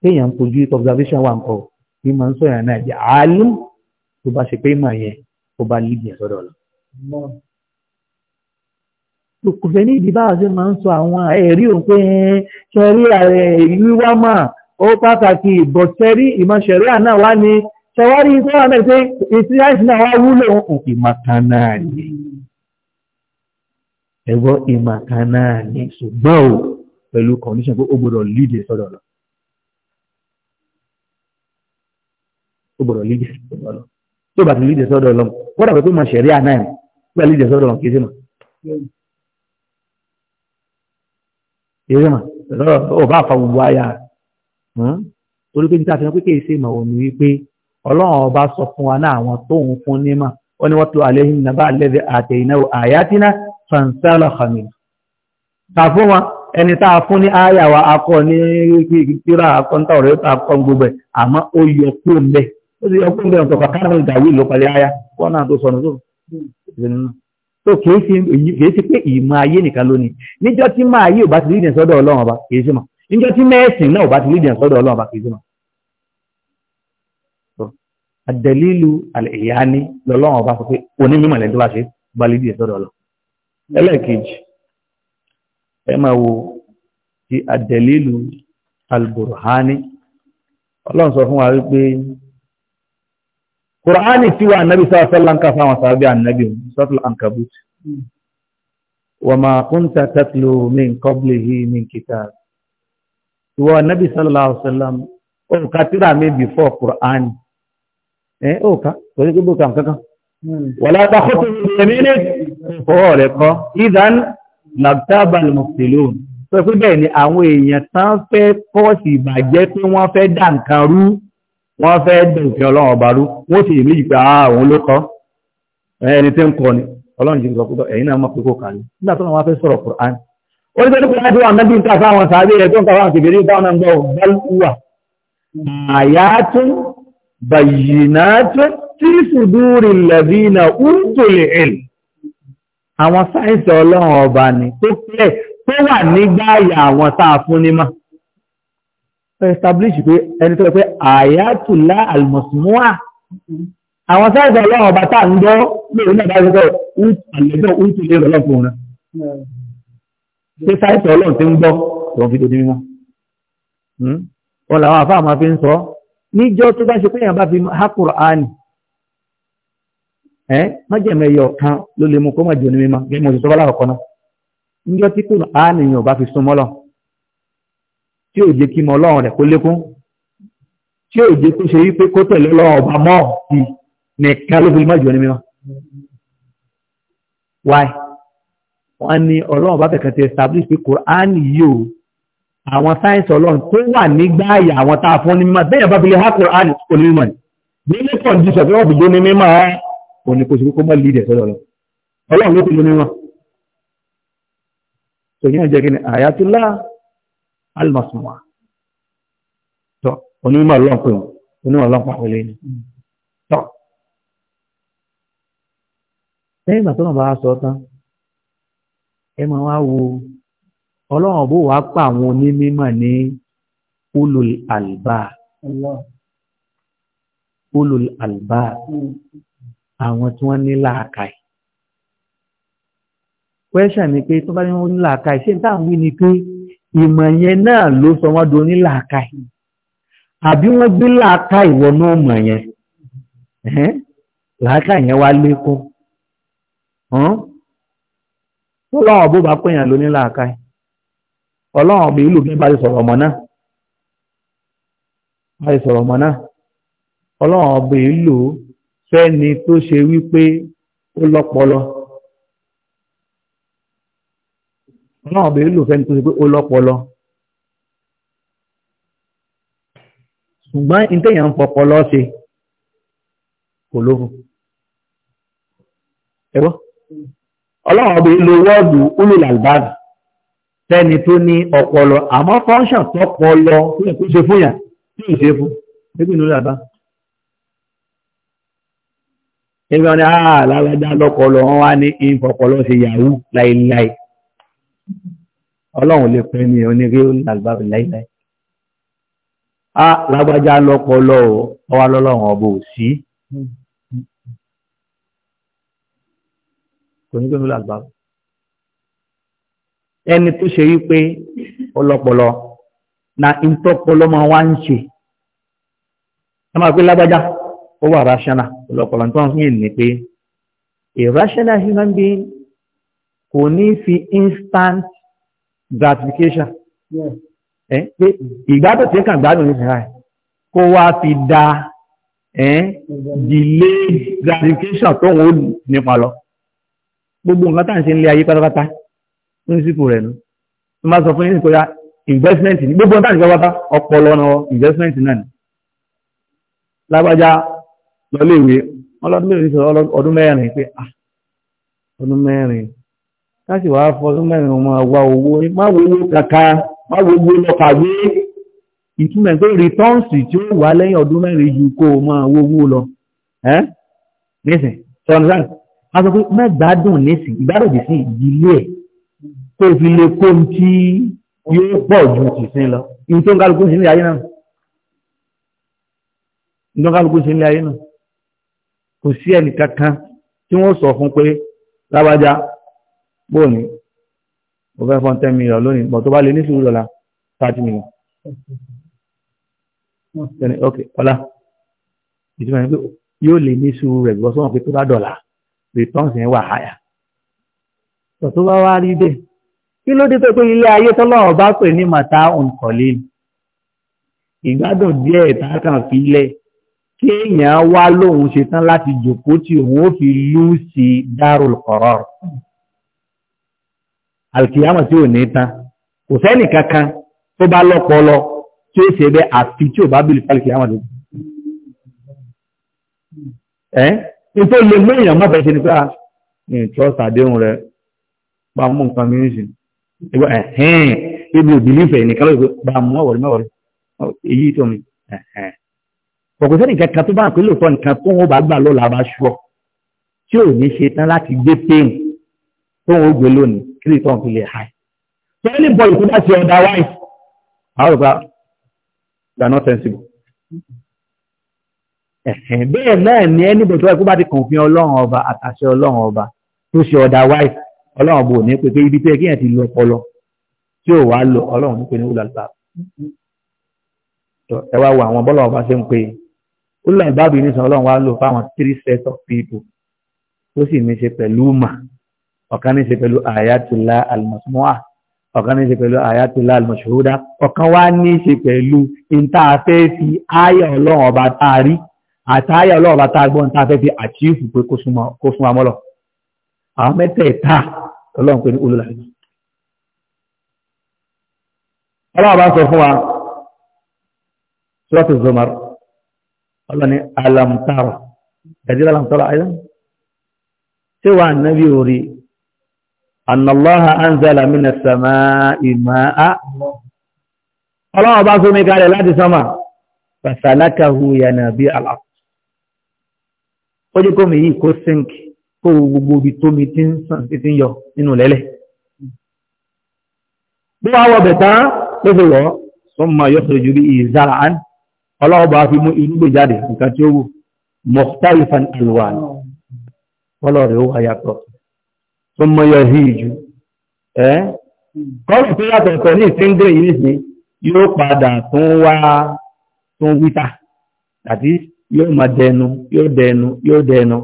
téèyàn ń kojú it observation wà nǹkan ìmọ̀ ń sọ̀rọ̀ náà jẹ́ àálù tó bá ṣe pé ìmọ̀ yẹn tó bá lead yẹn sọ́dọ̀ lọ. kò fẹ́ ní ìdíbà ṣe máa ń sọ àwọn ẹ̀rí òun pé ṣẹ́rí wíwá mà ó pàtàkì ìbọ̀ ṣẹ́rí àná wá ní ṣẹwárí tó náà pé ìsíláìsì náà wá wúlò òkè màkànnà rèé. ẹ̀wọ́ imaka kan náà ní ṣùgbọ́n o pẹ̀lú condition pé ó gbọ́dọ̀ lead sọ́dọ̀ lọ. ó gbọ́dọ̀ lead sọ́dọ̀ lọ. tó bá ti lead sọ́dọ̀ lọ kódà pé kó ṣẹ̀rí àná ẹ̀ lead sọ́dọ̀ lọ ó bá fa gbogbo àyà hmm? torí pé níta pé ọlọ́run ọba sọ fún wa náà àwọn tóun fàǹsálà hamid ta fún wa ẹni tá a fún ní àyàwó akọ ní kíkíra akọ́ntà ọ̀rẹ́ akọ́ gbogbo ẹ̀ àmọ́ ó yọ kúrò ń bẹ̀ ó sì yọ kúrò ń bẹ̀ ọ̀tọ̀ kàkàrà ní ìdàwí ló parí àyà wọn náà tó sọnù tó kìí ṣe pé ìmọ̀ ayé nìkan lónìí níjọ́ tí máa yé ò bá ti rí ìdẹ̀ sọ́dọ̀ ọlọ́run ọba kìí ṣe mọ̀ níjọ́ tí mẹ́ẹ̀sìn náà ò bá ti rí ìdẹ̀ sọ́dọ̀ ọlọ́run ọba kìí ṣe mọ̀ àdẹ̀lílu àlẹ̀yá ní lọ́lọ́run ọba sọ pé onímọ̀ lẹ́ni tó bá ṣe bá lè dìde sọ́dọ̀ ọlọ́run ẹlẹ́ẹ̀kejì ẹ máa wo ti àdẹ̀lélù alburhani ọlọ́run sọ fún wa wípé kùránì tí wà nábi sáwọ́sọ́lá ń ká fáwọn sàábí ànábì sọ́tùl ankabut wa ma kunta tatlu min qablihi min kitab ìwọ nábi sallallahu alaihi wasallam ó ká tíra mi before kùránì ẹ̀ ó ká kò ní ولا تخطه بيمينك فهو لك إذن لابتاب المفتلون sọ́fí بيني ni àwọn èèyàn tán fẹ́ pọ́ọ̀sì ìbàjẹ́ pé wọ́n fẹ́ dà nǹkan rú wọ́n fẹ́ dẹ̀kẹ́ ọlọ́run ọba rú wọ́n sì èmi ìpẹ́ àwọn ló kọ́ ẹni tí ń kọ́ ni ọlọ́run jẹ́ ìsọkútọ̀ ẹ̀yìn náà mọ́ pé kò kàní nígbà tó wọ́n fẹ́ sọ̀rọ̀ Qur'an ó ní pẹ́ẹ́ni Qur'an tí wọ́n náà bí fáwọn sàábé rẹ̀ tó ń ta fáwọn báwọn náà ń gbọ́ àyàtún bàyìnàtún sí sùdúrì lẹ̀bínà oúntòlè ẹ̀lì àwọn sáyẹ̀nsì ọlọ́run ọba ni tó pẹ́ tó wà nígbà àyà àwọn táa fún ní mọ́ establish pé ẹni tó pẹ́ àyàtùlá almọ̀sùmọ́à àwọn sáyẹ̀nsì ọlọ́run ọba táà ń gbọ́ lóòrùn náà dájú pé àlẹ́gbẹ́ oúntòlè ọlọ́run fún wọn ṣé sáyẹ̀nsì ọlọ́run ti ń gbọ́ tó ń fi dodi mímọ́ hmm? wọn làwọn àfáà máa fi ń sọ níjọ́ tó bá ṣe pé èèyàn bá fi hákùrọ̀ áni ẹ́ májẹ̀mẹ̀ ẹyọ kan ló lè mú kó mọ̀jẹ̀ ní mímọ́ bí mo sì sọ́kọ́ lákọ̀ọ́kọ́ náà níjọ́ tí kò àánìyàn ò bá fi súnmọ́ lọ tí ò jẹ́ kí mọ ọlọ́run rẹ̀ kó lékún tí ò jẹ́ kó ṣe yí pé kó tẹ̀lé ọlọ́run ọba mọ́ ti nìkan ló fi mọ̀jẹ̀ ní mímọ́ why wọ́n ní ọlọ́run bá fẹ̀kẹ́ ti establish pé Kùránì yìí o àwọn sáyẹ́nsì ọlọ́run tó wà nígbà àyà àwọn tá a fún ní mímọ́ bẹ́ẹ̀ bá fi lè há Kùránì kò ní mímọ́ ní nílé kọ̀ǹdíṣọ̀ tí wọ́n fi gbé ní mímọ́ ẹ́ òun ni kò sí kókó mọ́ lídẹ̀ sọ́dọ̀ lọ ọlọ́run ló ti lómi wọn tó yíyan jẹ́ kí ni àyàtúlá almasmuwa tó onímọ̀ ọlọ́run pé wọn onímọ̀ ọlọ́run pàwọn ilé ni tó lẹ́yìn ìgbà náà bá sọ tán ẹ máa wá wo ọlọ́run bó wàá pa àwọn onímọ̀ ní ulul alba ulul alba. Hmm àwọn tí wọ́n ní làákàyè kwẹ́sàn ni pé tó bá ní wọ́n ní làákàyè ṣé níta wí ni pé ìmọ̀ yẹn náà ló sọ wọ́n do ní làákàyè àbí wọ́n gbé làákàyè wọnú ọmọ yẹn làákàyè yẹn wá lékún ọlọ́run ọ̀bọ̀ bá pèèyàn ló ní làákàyè ọlọ́run ọ̀bọ̀ ìlú bí bá ti sọ̀rọ̀ ọmọ náà bá ti sọ̀rọ̀ ọmọ náà ọlọ́run ọ̀bọ̀ ìlú fẹ́ni tó ṣe wípé ó lọ́pọlọ náà bèèrè lò fẹ́ni tó ṣe pé ó lọ́pọlọ ṣùgbọ́n ìtẹ̀yàn ń fọpọlọ ṣe kò lóhun ẹ̀wọ́ ọlọ́run ọbẹ̀ lo wọ́ọ̀dù ulul albab fẹ́ni tó ní ọpọlọ àmọ́ fọ́nṣàn tọpọlọ tó yẹ kó fún yà tí ì ṣe fún ẹgbẹ́ ìlú làbá ẹgbẹ́ wọn ni àlàlájá ah, lọ́kọlọ wọn wá ní ìfọ̀kọlọ ṣe yahoo láìláì ọlọ́run lè pẹ́ ní onírí àgbàbí láìláì a ah, lágbájá lọ́pọlọ ọwá lọ́lọ́run ọbọ̀ òsí onírí àgbàbí ẹni tó ṣe rí pé ọlọ́pọlọ na ìtọ́pọlọ máa wá ń ṣe ẹ máa pé lágbájá ó wà rational ọ̀pọ̀lọpọ̀ tó ń yìn ní pé a rational human being kò ní fi instant gratification pé ìgbádùn tí ó kàn gbádùn ní ìsìnká kó wá fi da delayed gratification tó wọ́n nípa lọ gbogbo nǹkan tá à ń ṣe ń lé ayé pátápátá principle rẹ̀ nù tó máa sọ fún yín kóyá investment ní gbogbo nǹkan tá à ń ṣe pátápátá ọpọlọ náà investment náà ni lágbájá lọlé ìwé ọlọ́dún mẹ́rin sọ ọdún mẹ́rin pé ah ọdún mẹ́rin káṣì wàá fọdún mẹ́rin ọmọ àwa owó má wo owó kàkà má wo owó lọ́kàwé ìtumọ̀ pé rìtọ́ǹsì tí ó wà lẹ́yìn ọdún mẹ́rin ju kó o máa wo owó lọ ẹ́ nísìn sọ̀rọ̀ sáà a sọ pé mẹ́gbàádùn nísìn ìgbàlódé sí ìdílé ẹ̀ tó fi lè kó ohun tí yóò pọ̀ ju tìsín lọ ìhun tó ń kálukú sí ilé ayé náà ìhun sí ilé ayé náà kò sí ẹnì kankan tí wọ́n sọ fún pé lábájá bóò ní mo fẹ́ fún ten million lónìí bọ̀ tó bá lè ní sùúrù lọ́la thirty million. ok ọlá ìtumọ̀ ní pé yóò lè ní sùúrù rẹ̀ bí wọ́n sọ̀rọ̀ pé tó bá dọ̀là returns yẹn wà higher. tọ̀ tó bá wá rí bẹ́ẹ̀ kí ló dé tó pé ilé ayé tọ́lọ́run bá pè ní màtá òǹkọ̀lé ìgbádùn díẹ̀ tá a kàn fi lẹ̀ kéèyàn wá lóhun ṣetán láti jòkó tí òun ó fi lú sí dárul qarar alkiyama tí ò ní tán kò sẹ́nì kankan tó bá lọ́pọlọ tí ó ṣe bẹ́ àfi tí ò bá bìlì falkiyama lójú ẹ́ ní tó lè mú èèyàn mọ́bẹ̀ ṣe ni pé a ah, ní trust àdéhùn rẹ̀ bá mú nǹkan mi nìṣin ìgbà ẹ̀hìn ibi òbí nífẹ̀ẹ́ nìkan lóògbé bá mú ọ̀wọ̀rí mọ́wọ̀rí èyí tó mi ẹ̀hìn ọ̀pọ̀ sẹ́ni kankan tó bá pé lóòótọ́ nǹkan tó wọn bá gbà lọ́la bá ṣọ́ tí ò ní ṣe tán láti gbé pain tó wọn ó gbé lónìí kí lè tán fi lè high. pẹ́ẹ́lí bọ́ọ̀lù tó bá ọ̀dà wáì àwọn ọ̀gá they are not sensible. bẹ́ẹ̀ náà ni anybody tó wáyé kó bá ti kàn fi ọlọ́run ọba àtàṣe ọlọ́run ọba tó ṣe ọ̀dà wáì ọlọ́run ọba ò ní pé pé ibi tó yẹ kí yẹn ti lo ọpọlọ tí ò wá lo ọlọ́run ní pé ní wúlò àlùbáà. ẹ wá wo àwọn bọ́ọ̀lù ọba ṣe ń pè é ó lọ ìbáàbí ní sọ ọlọ́run wá lò fáwọn three set of people ó sì ní ṣe pẹ̀lú mà ọ̀kan ní ṣe pẹ̀lú àyàtúlá almasmua ọ̀kan ní ṣe pẹ̀lú àyàtúlá almashhuda ọ̀kan wá ní ṣe pẹ̀lú ìntàfẹ́ fi áyà ọlọ́run ọba taari àti áyà ọlọ́run ọba taagbọ́n tàfẹ́ fi àchífù pé kó súnmọ́ amọ́lọ̀ àwọn mẹ́tẹ̀ẹ̀ta ọlọ́run pé ní olùlàjì ọlọ́run bá sọ fún wa sọ́tù zomar ọlọ́ni alamtaro ẹ̀dí alamtaro àìdá tí wà nábi orí annallaha anzala mina sama'i ma'a ọlọ́wọ́ bá sómi kalẹ̀ láti sọ́mà fasalakahu yanabi alá ó jí kó mi yìí kó sink kó gbogbo ibi tó mi ti ń sàn títí yọ nínú lẹ́lẹ̀ bí wọ́n wọ́ bẹ̀ tán ló fi wọ́ summa yukhriju bihi zar'an ọlọ́wọ́ bá fi mú irúgbè jáde nǹkan tí ó wù mọ̀tàlìfàn ìlúwàn ọlọ́ rẹ̀ ó wà yàtọ̀ tó mọ́ yọ hí ìjú ẹ́ kọ́lù tó yàtọ̀ tọ̀ ní ìsíngé yìí nìsín yóò padà tún wá tún wíta àti yóò máa dẹnu yóò dẹnu yóò dẹnu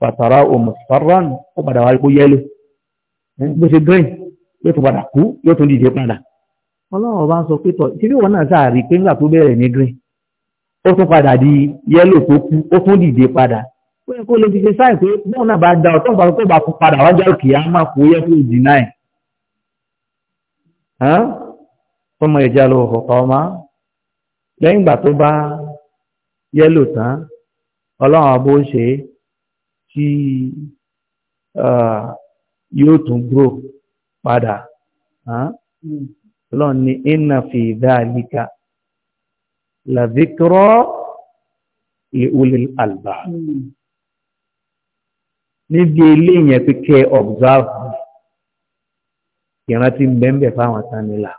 pàtàrà òmùsùfàrán ó padà wá kó yẹ́lò bó ṣe green yóò tún padà kú yóò tún dìde padà ọlọ́wọ́ bá sọ pé tọ̀ ìṣẹ́bí wọn náà sáà rí pé ńgbà tó bẹ̀rẹ̀ ní green ó tún padà di yẹ́lò tó kú ó tún dìde padà ó yẹ kó lè fi ṣe sáì pé bóun náà bá da ọ̀tọ́ ìgbàlódé bá fún padà wájú òkè á máa kó yẹ kó dì náà ẹ̀ ọmọ ìjà lọ ọ̀kọ̀ọ̀kọ̀ ọmọ lẹ́yìn ìgbà tó bá yẹ́lò tán ọlọ́run ọbọ̀ ṣe tí yóò tún gbò padà hmm. ọlọ́run ni inna fi dhalika la dhikra li ulil albab hmm. níbi ilé yẹn pé kẹ́ observe ìrántí bẹ́ẹ̀ fáwọn tani là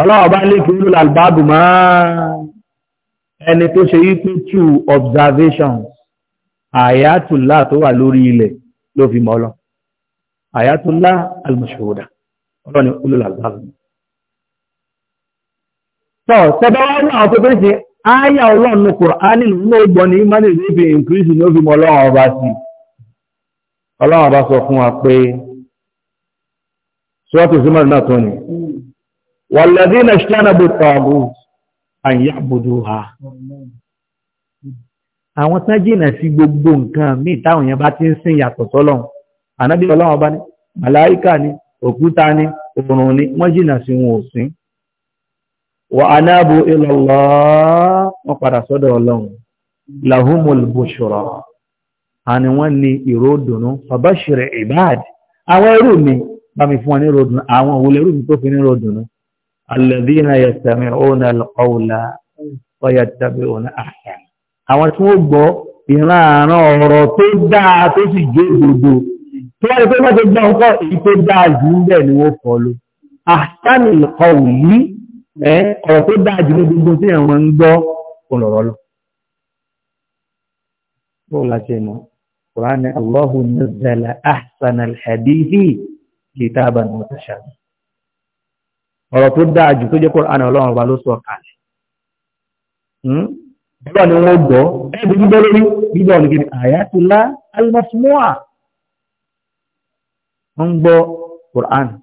ọlọ́wọ́ bá lè fi ulil albab máa ẹni tó ṣe yí pé true observations àyàtùlá tó wà lórí ilẹ̀ ló fi mọ́ lọ àyàtùlá almashhuda ọlọ́ni ulil albab ni tọ́ sẹ́bẹ̀ wá ní àwọn tó bẹ́ẹ̀ ṣe ááyà ọlọ́run ní kùránì ní ọgbọ́n ní imani ní ibi ìkírísì ní òfin ọlọ́run ọba sí ọlọ́run ọba sọ fún wa pé sọ́tò zimar náà tó ní wàlẹ́dí na ṣílẹ́nà bó tọ́ọ̀gù ha wa anábu ilallah wọ́n padà sọ́dọ̀ ọlọ́run lahumul bushra àni wọ́n ní ìròdùnú fàbáṣìrẹ̀ ìbáàdì àwọn ẹrù mi bá mi fún wọn ní ìròdùnú àwọn òwúlẹ̀ ẹrù mi tó fi ní ìròdùnú alladhina yastami'una alqawla wa yattabi'una ahsana àwọn tí wọ́n gbọ́ ìran ọ̀rọ̀ tó dáa tó sì jẹ́ gbogbo tó wáyé pé wọ́n ti gbọ́ nǹkan èyí tó dáa jù ń bẹ̀ ni wọ́n fọ́ lo ahsanil qawli ọ̀rọ̀ tó dáa jù ní gbogbo tí ẹ̀wọ̀n ń gbọ́ ọ̀rọ̀ lọ. Bọ́ọ̀ la ṣe mọ̀, Kùránì Allahu nazzala ahsana al-hadithi kitaban mutashabihan. Ọ̀rọ̀ tó dáa jù tó jẹ́ Kùránì Ọlọ́run ọba ló sọ kalẹ̀. Hmm? Bọ́ọ̀ ni wọ́n gbọ́, ẹ̀bí gbígbọ́ lórí gbígbọ́ ní kìnnì àyàtúlá al-masmu'a. Wọ́n gbọ́ Kùránì,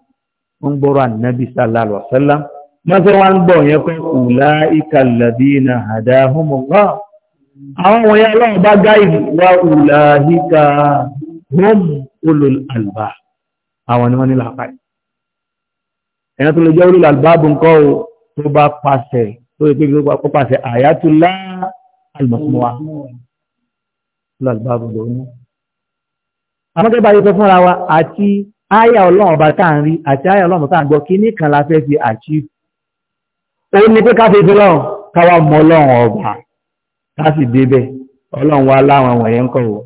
wọ́n gbọ́rọ̀ ànábì sallallahu alaihi wasallam mọ́sẹ́ wá ń gbọ́ yẹn pé kùlá ìkàlàdínà àdáhùnmọ̀lá àwọn wọ̀nyí aláwọ̀ bá gáìdì wá kùlá ìkà hóm olùlàlbà àwọn ni wọ́n ní làákàyè ẹ̀yàn tó lè jẹ́ olùlàlbà bùn kọ́ o tó bá pàṣẹ tó yẹ pé kó pàṣẹ àyàtúlá àlùmọ̀sùmọ̀wá olùlàlbà bùn lòun ní. àmọ́kẹ́ bá yẹ fẹ́ fúnra wa àti áyà ọlọ́run ó ní pé káfí tí lọ́rùn káwà mọ́ ọlọ́run ọba káfí débẹ̀ ọlọ́run wa láwọn àwọn ẹ̀yẹ́ ń kọ̀ wọ́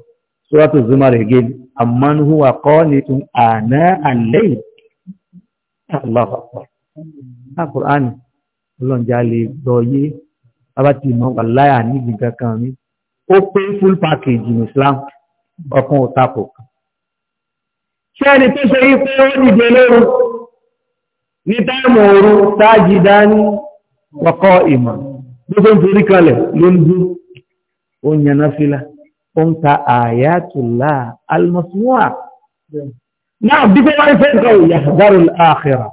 sọ́tò Zumar again amman huwa qanitun àná àlẹ́ ìlàpapọ̀ Al-Qur'ani ọlọ́run já lè package Islam ọkàn ò tapò ṣé ẹni tó ṣe yí pé ó dìde lóru ní táìmù òru táàjì dání ọkọ̀ ìmọ̀ gbogbo ń torí kalẹ̀ ló ń dú ó ń yaná fílá ó ń ta àyàtùlá almasuwa náà bí kó wáyé fẹ́ kọ́ yàgbárò àkìrà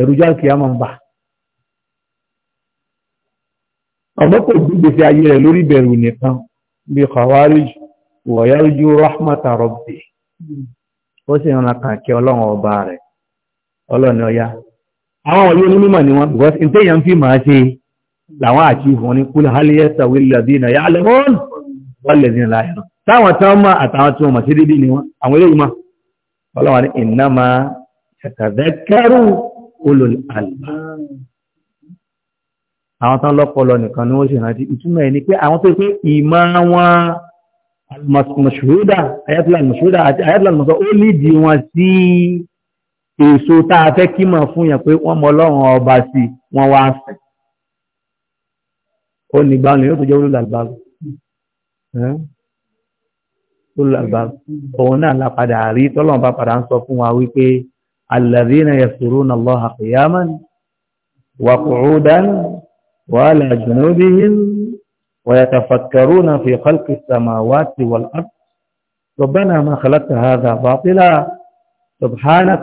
ẹ̀rùjá kìámọ̀ ń bà ọ̀gbọ́n kò gbígbé sí ayé rẹ̀ lórí bẹ̀rù nìkan bí kọ̀wárí wọ̀yájú rahmata rabbi ó sì ń kàkẹ́ ọlọ́run ọba rẹ̀ ọlọ́ni ọya àwọn wọ̀nyí onímọ̀ ni wọ́n because in tẹ́yàn fi máa ṣe làwọn àti ìfún ní kúlù hálíyẹ́sà wílẹ̀dínà yà lẹ́wọ́n wọ́lẹ̀dínà láyẹ̀nà táwọn tán máa àtàwọn tí wọ́n máa ṣe dédé ni wọ́n àwọn ilé ìmọ̀ ọlọ́wà ní iná máa ṣàtàbẹ́kẹ́rù olùlàlá àwọn tán lọ́pọlọ nìkan ni wọ́n ṣe rántí ìtumọ̀ ayatollah mọ̀ṣúdà ayatollah mọ̀ṣúdà ó nídìí wọn sí èso tá a fẹ́ kí mọ̀ fún yàn pé wọ́n mọ ọlọ́run ọba sí wọ́n wá fẹ́ ó ní gbáhùn lèyìn tó jẹ́ olùlàgbàgbà olùlàgbàgbà òun náà lápadà rí tọ́lọ́run bá padà ń sọ fún wa se o ni gbahun leyin to je olulagbagba olulagbagba oun naa la pada ri tolorun ba pada n so fun wa wipe alladhina yadhkuruna Allaha qiyaman wa bí wa a ala junubihim wa ya fàkàrú náà fi sàmà wà as-samawati wal-ard rabbana ma khalaqta hadha batila subhanak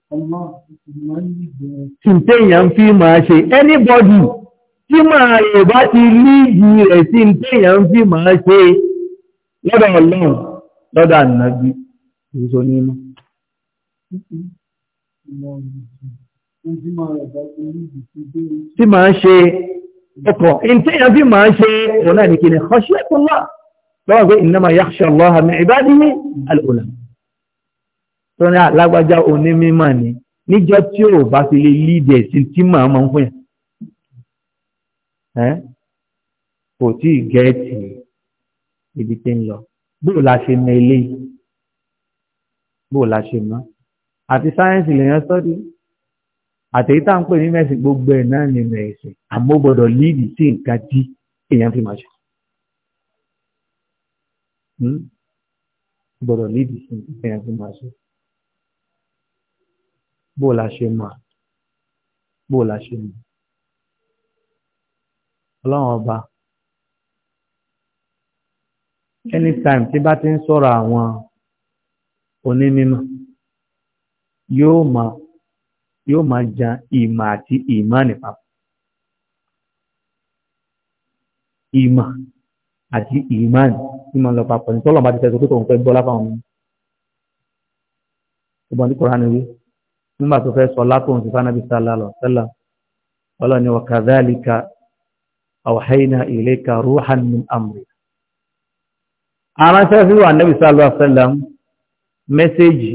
Tìntẹ́yàn fi máa ṣe, anybody tí máa rẹ̀ bá ti líìdì rẹ̀ sí tẹ́yàn fi máa ṣe lọ́dọ̀ ọlọ́run lọ́dọ̀ ànàbí ìrúsọ nínú. Tí máa ṣe ọkọ̀, tẹ́yàn fi máa ṣe ọ̀nà ìkìnnì, ọ̀ṣẹ́ tó ní alágbájá onímímọ̀ ni níjọ́ tí ò bá fi lè lídẹ̀ sí tí màá mọ̀ fún ẹ̀ kò tí ì gẹ́ẹ̀tì ibi tí ń lọ bóò la ṣe mọ eléyìí bóò la ṣe mọ àti sáyẹ́ǹsì lèèyàn sọ́dí àtẹ̀yí tá à ń pè ní mẹ́sìn gbogbo ẹ̀ náà nínú ẹ̀sìn àmọ́ gbọ́dọ̀ líìdì sí nǹkan tí èèyàn fi máa ṣe hmm? gbọ́dọ̀ líìdì sí nǹkan tí èèyàn fi máa ṣe bó la ṣe mọ̀ bó la ṣe mọ̀ ọlọ́run ọba anytime tí bá ti ń sọ̀rọ̀ àwọn onímímọ́ yóò máa yóò máa jan ìmọ̀ àti ìmánì papọ̀ ìmọ̀ àti ìmánì tí máa lọ papọ̀ nítorí ọlọ́run bá ti tẹ́tọ́ tó tó ń pẹ́ gbọ́ lápá wọn ni ní kọ́ra ni wí nígbà tó fẹ́ sọ látòun sí fánàbí sálàlọ̀ sẹ́là ọlọ́ni wa kadhalika awhayna ilayka ruhan min amri aránṣẹ́ sí wà nẹ́bí sálàlọ̀ sẹ́là mẹ́sẹ́jì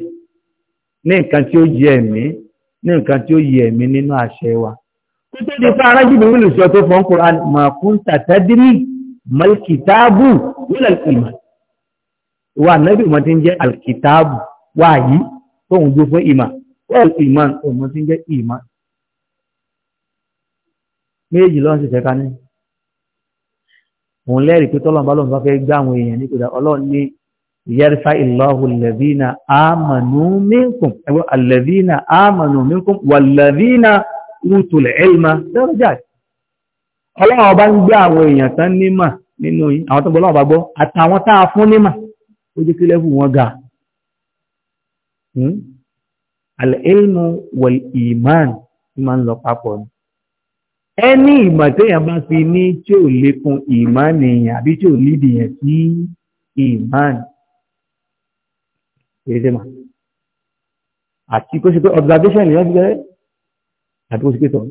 ní nǹkan tí ó yẹ ẹ̀mí ní nǹkan tí ó yẹ ẹ̀mí nínú àṣẹ wa títí di fún arájú bí wílù sọ tó fọ́n kúrò ma kunta tadri mal kitabu wal iman wà nẹ́bí mọ́ ti ń jẹ́ alkitabu wáyí tóun jó fún ìmọ̀ well iman ọmọ tí ń jẹ́ iman méjì lọ́n sì tẹ́ka ní òun lẹ́rìí pé tọ́lọ́n bá lọ́n bá fẹ́ gbá àwọn èèyàn ní kódà ọlọ́run ní yarfa illahu alladhina amanu minkum ẹgbẹ́ alladhina amanu minkum walladhina utul ilma darajat ọlọ́run ọba ń gbé àwọn èèyàn tán nímà nínú yìí àwọn tó gbọ́ lọ́wọ́ bá gbọ́ àtàwọn tá a fún nímà ó jẹ́ kí lẹ́fù wọn ga hmm? al-ilmu wal-iman iman ń lọ papọ̀ ni ẹni ìmọ̀ téèyàn bá fi ní tí ò lékun ìmánì èèyàn àbí tí ò lídìí yẹn sí ìmánì èdè àti kó ṣe pé observation lè yẹn fi bẹ́ẹ̀ àti kó ṣe pé tọ̀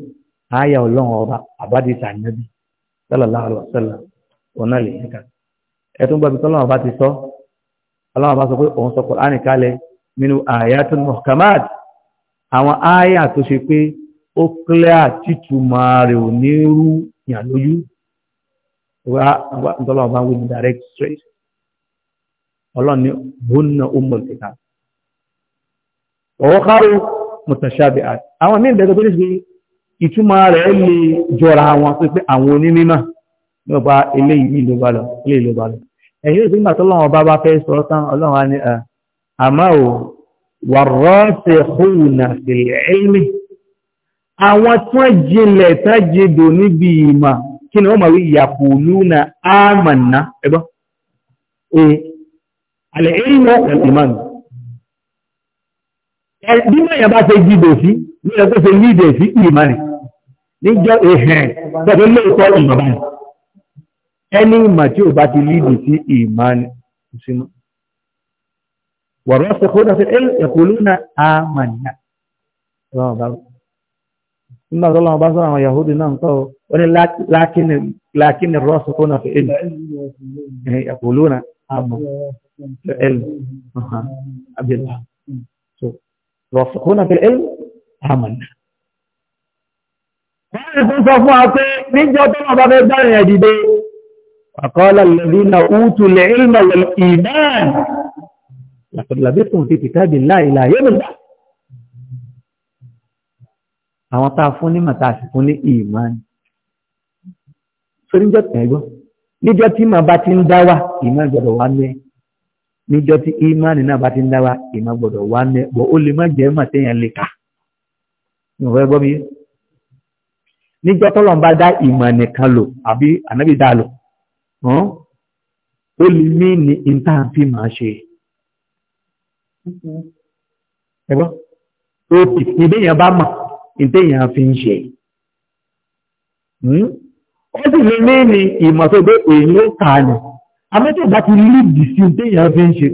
àyà ọlọ́run ọba àbádìsá níbi sallallahu alaihi wasallam ọ̀nà lè yẹn kà ẹ̀tún gbọ́bi tọ́lọ́run ọba ti sọ ọlọ́run ọba sọ pé òun sọ Kùránì kalẹ̀ nínú ayatun muhkamat àwọn áyà tó ṣe pé ó clear títúmọ̀ rẹ̀ ò ní rú yàn lójú ọlọ́run bá ń wí ní direct straight ọlọ́run ní hunna ummul kitab ọwọ́ kárò mutashabihat àwọn míì bẹ̀rẹ̀ tó ní sí ìtumọ̀ rẹ̀ lè jọra wọn pé pé àwọn onímímọ̀ ló bá eléyìí ló bá lọ eléyìí ló bá lọ ẹ̀yìn ìgbà tó lọ́wọ́ bá bá fẹ́ sọ tán ọlọ́run á ní àmọ́ ò wàrọ́sẹ̀kúnà sílẹ̀ ẹ̀mí àwọn tí wọ́n jinlẹ̀ tájìdò níbi ìmà kí ni wọ́n máa wí yàkùlúnà ámànà ẹgbọ́ e, alẹ̀ ìrìnà ìmánu bí mẹ́yà bá ṣe jìdò sí ní ẹgbẹ́ ṣe lídẹ̀ sí ìmánì níjọ́ ìhẹ̀n pẹ̀lú lóòtọ́ ìmọ̀ ẹni ìmà tí ò bá ti lídẹ̀ sí ìmánì والراسخون في العلم يقولون آمنا الله بارك إما الله بارك الله يهودي قالوا نعم ولكن لكن لكن الراسخون في العلم إيه، يقولون آمنا في العلم عبد الله الراسخون في العلم آمنا وقال الذين أوتوا العلم والإيمان لقد لبثتم في كتاب الله إلى يوم البعث àwọn tá a fún ní màtá a sì fún ní ìmánì sórí níjọ́ tẹ̀ gbọ́ níjọ́ tí màá bá ti ń dá wa ìmánì gbọ́dọ̀ wá mẹ́ níjọ́ tí ìmánì náà bá ti ń dá wa ìmánì gbọ́dọ̀ wá mẹ́ bọ́ ó lè má jẹ́ mà téèyàn lè kà ní ọ̀rẹ́ gbọ́ mi níjọ́ tọ́lọ̀ ń bá dá ìmọ̀ nìkan lò àbí ànábì dá lò ó lè mí ní ìntàǹfì máa ṣe ẹ̀gbọ́n ó ti ìbéèyàn bá mọ̀ ìbéèyàn fi ń ṣe hmm? ó sì lè ní ní ìmọ̀ tó gbé èyí ó kà á nì amẹ́tọ̀ bá ti lídì sí ìbéèyàn fi ń ṣe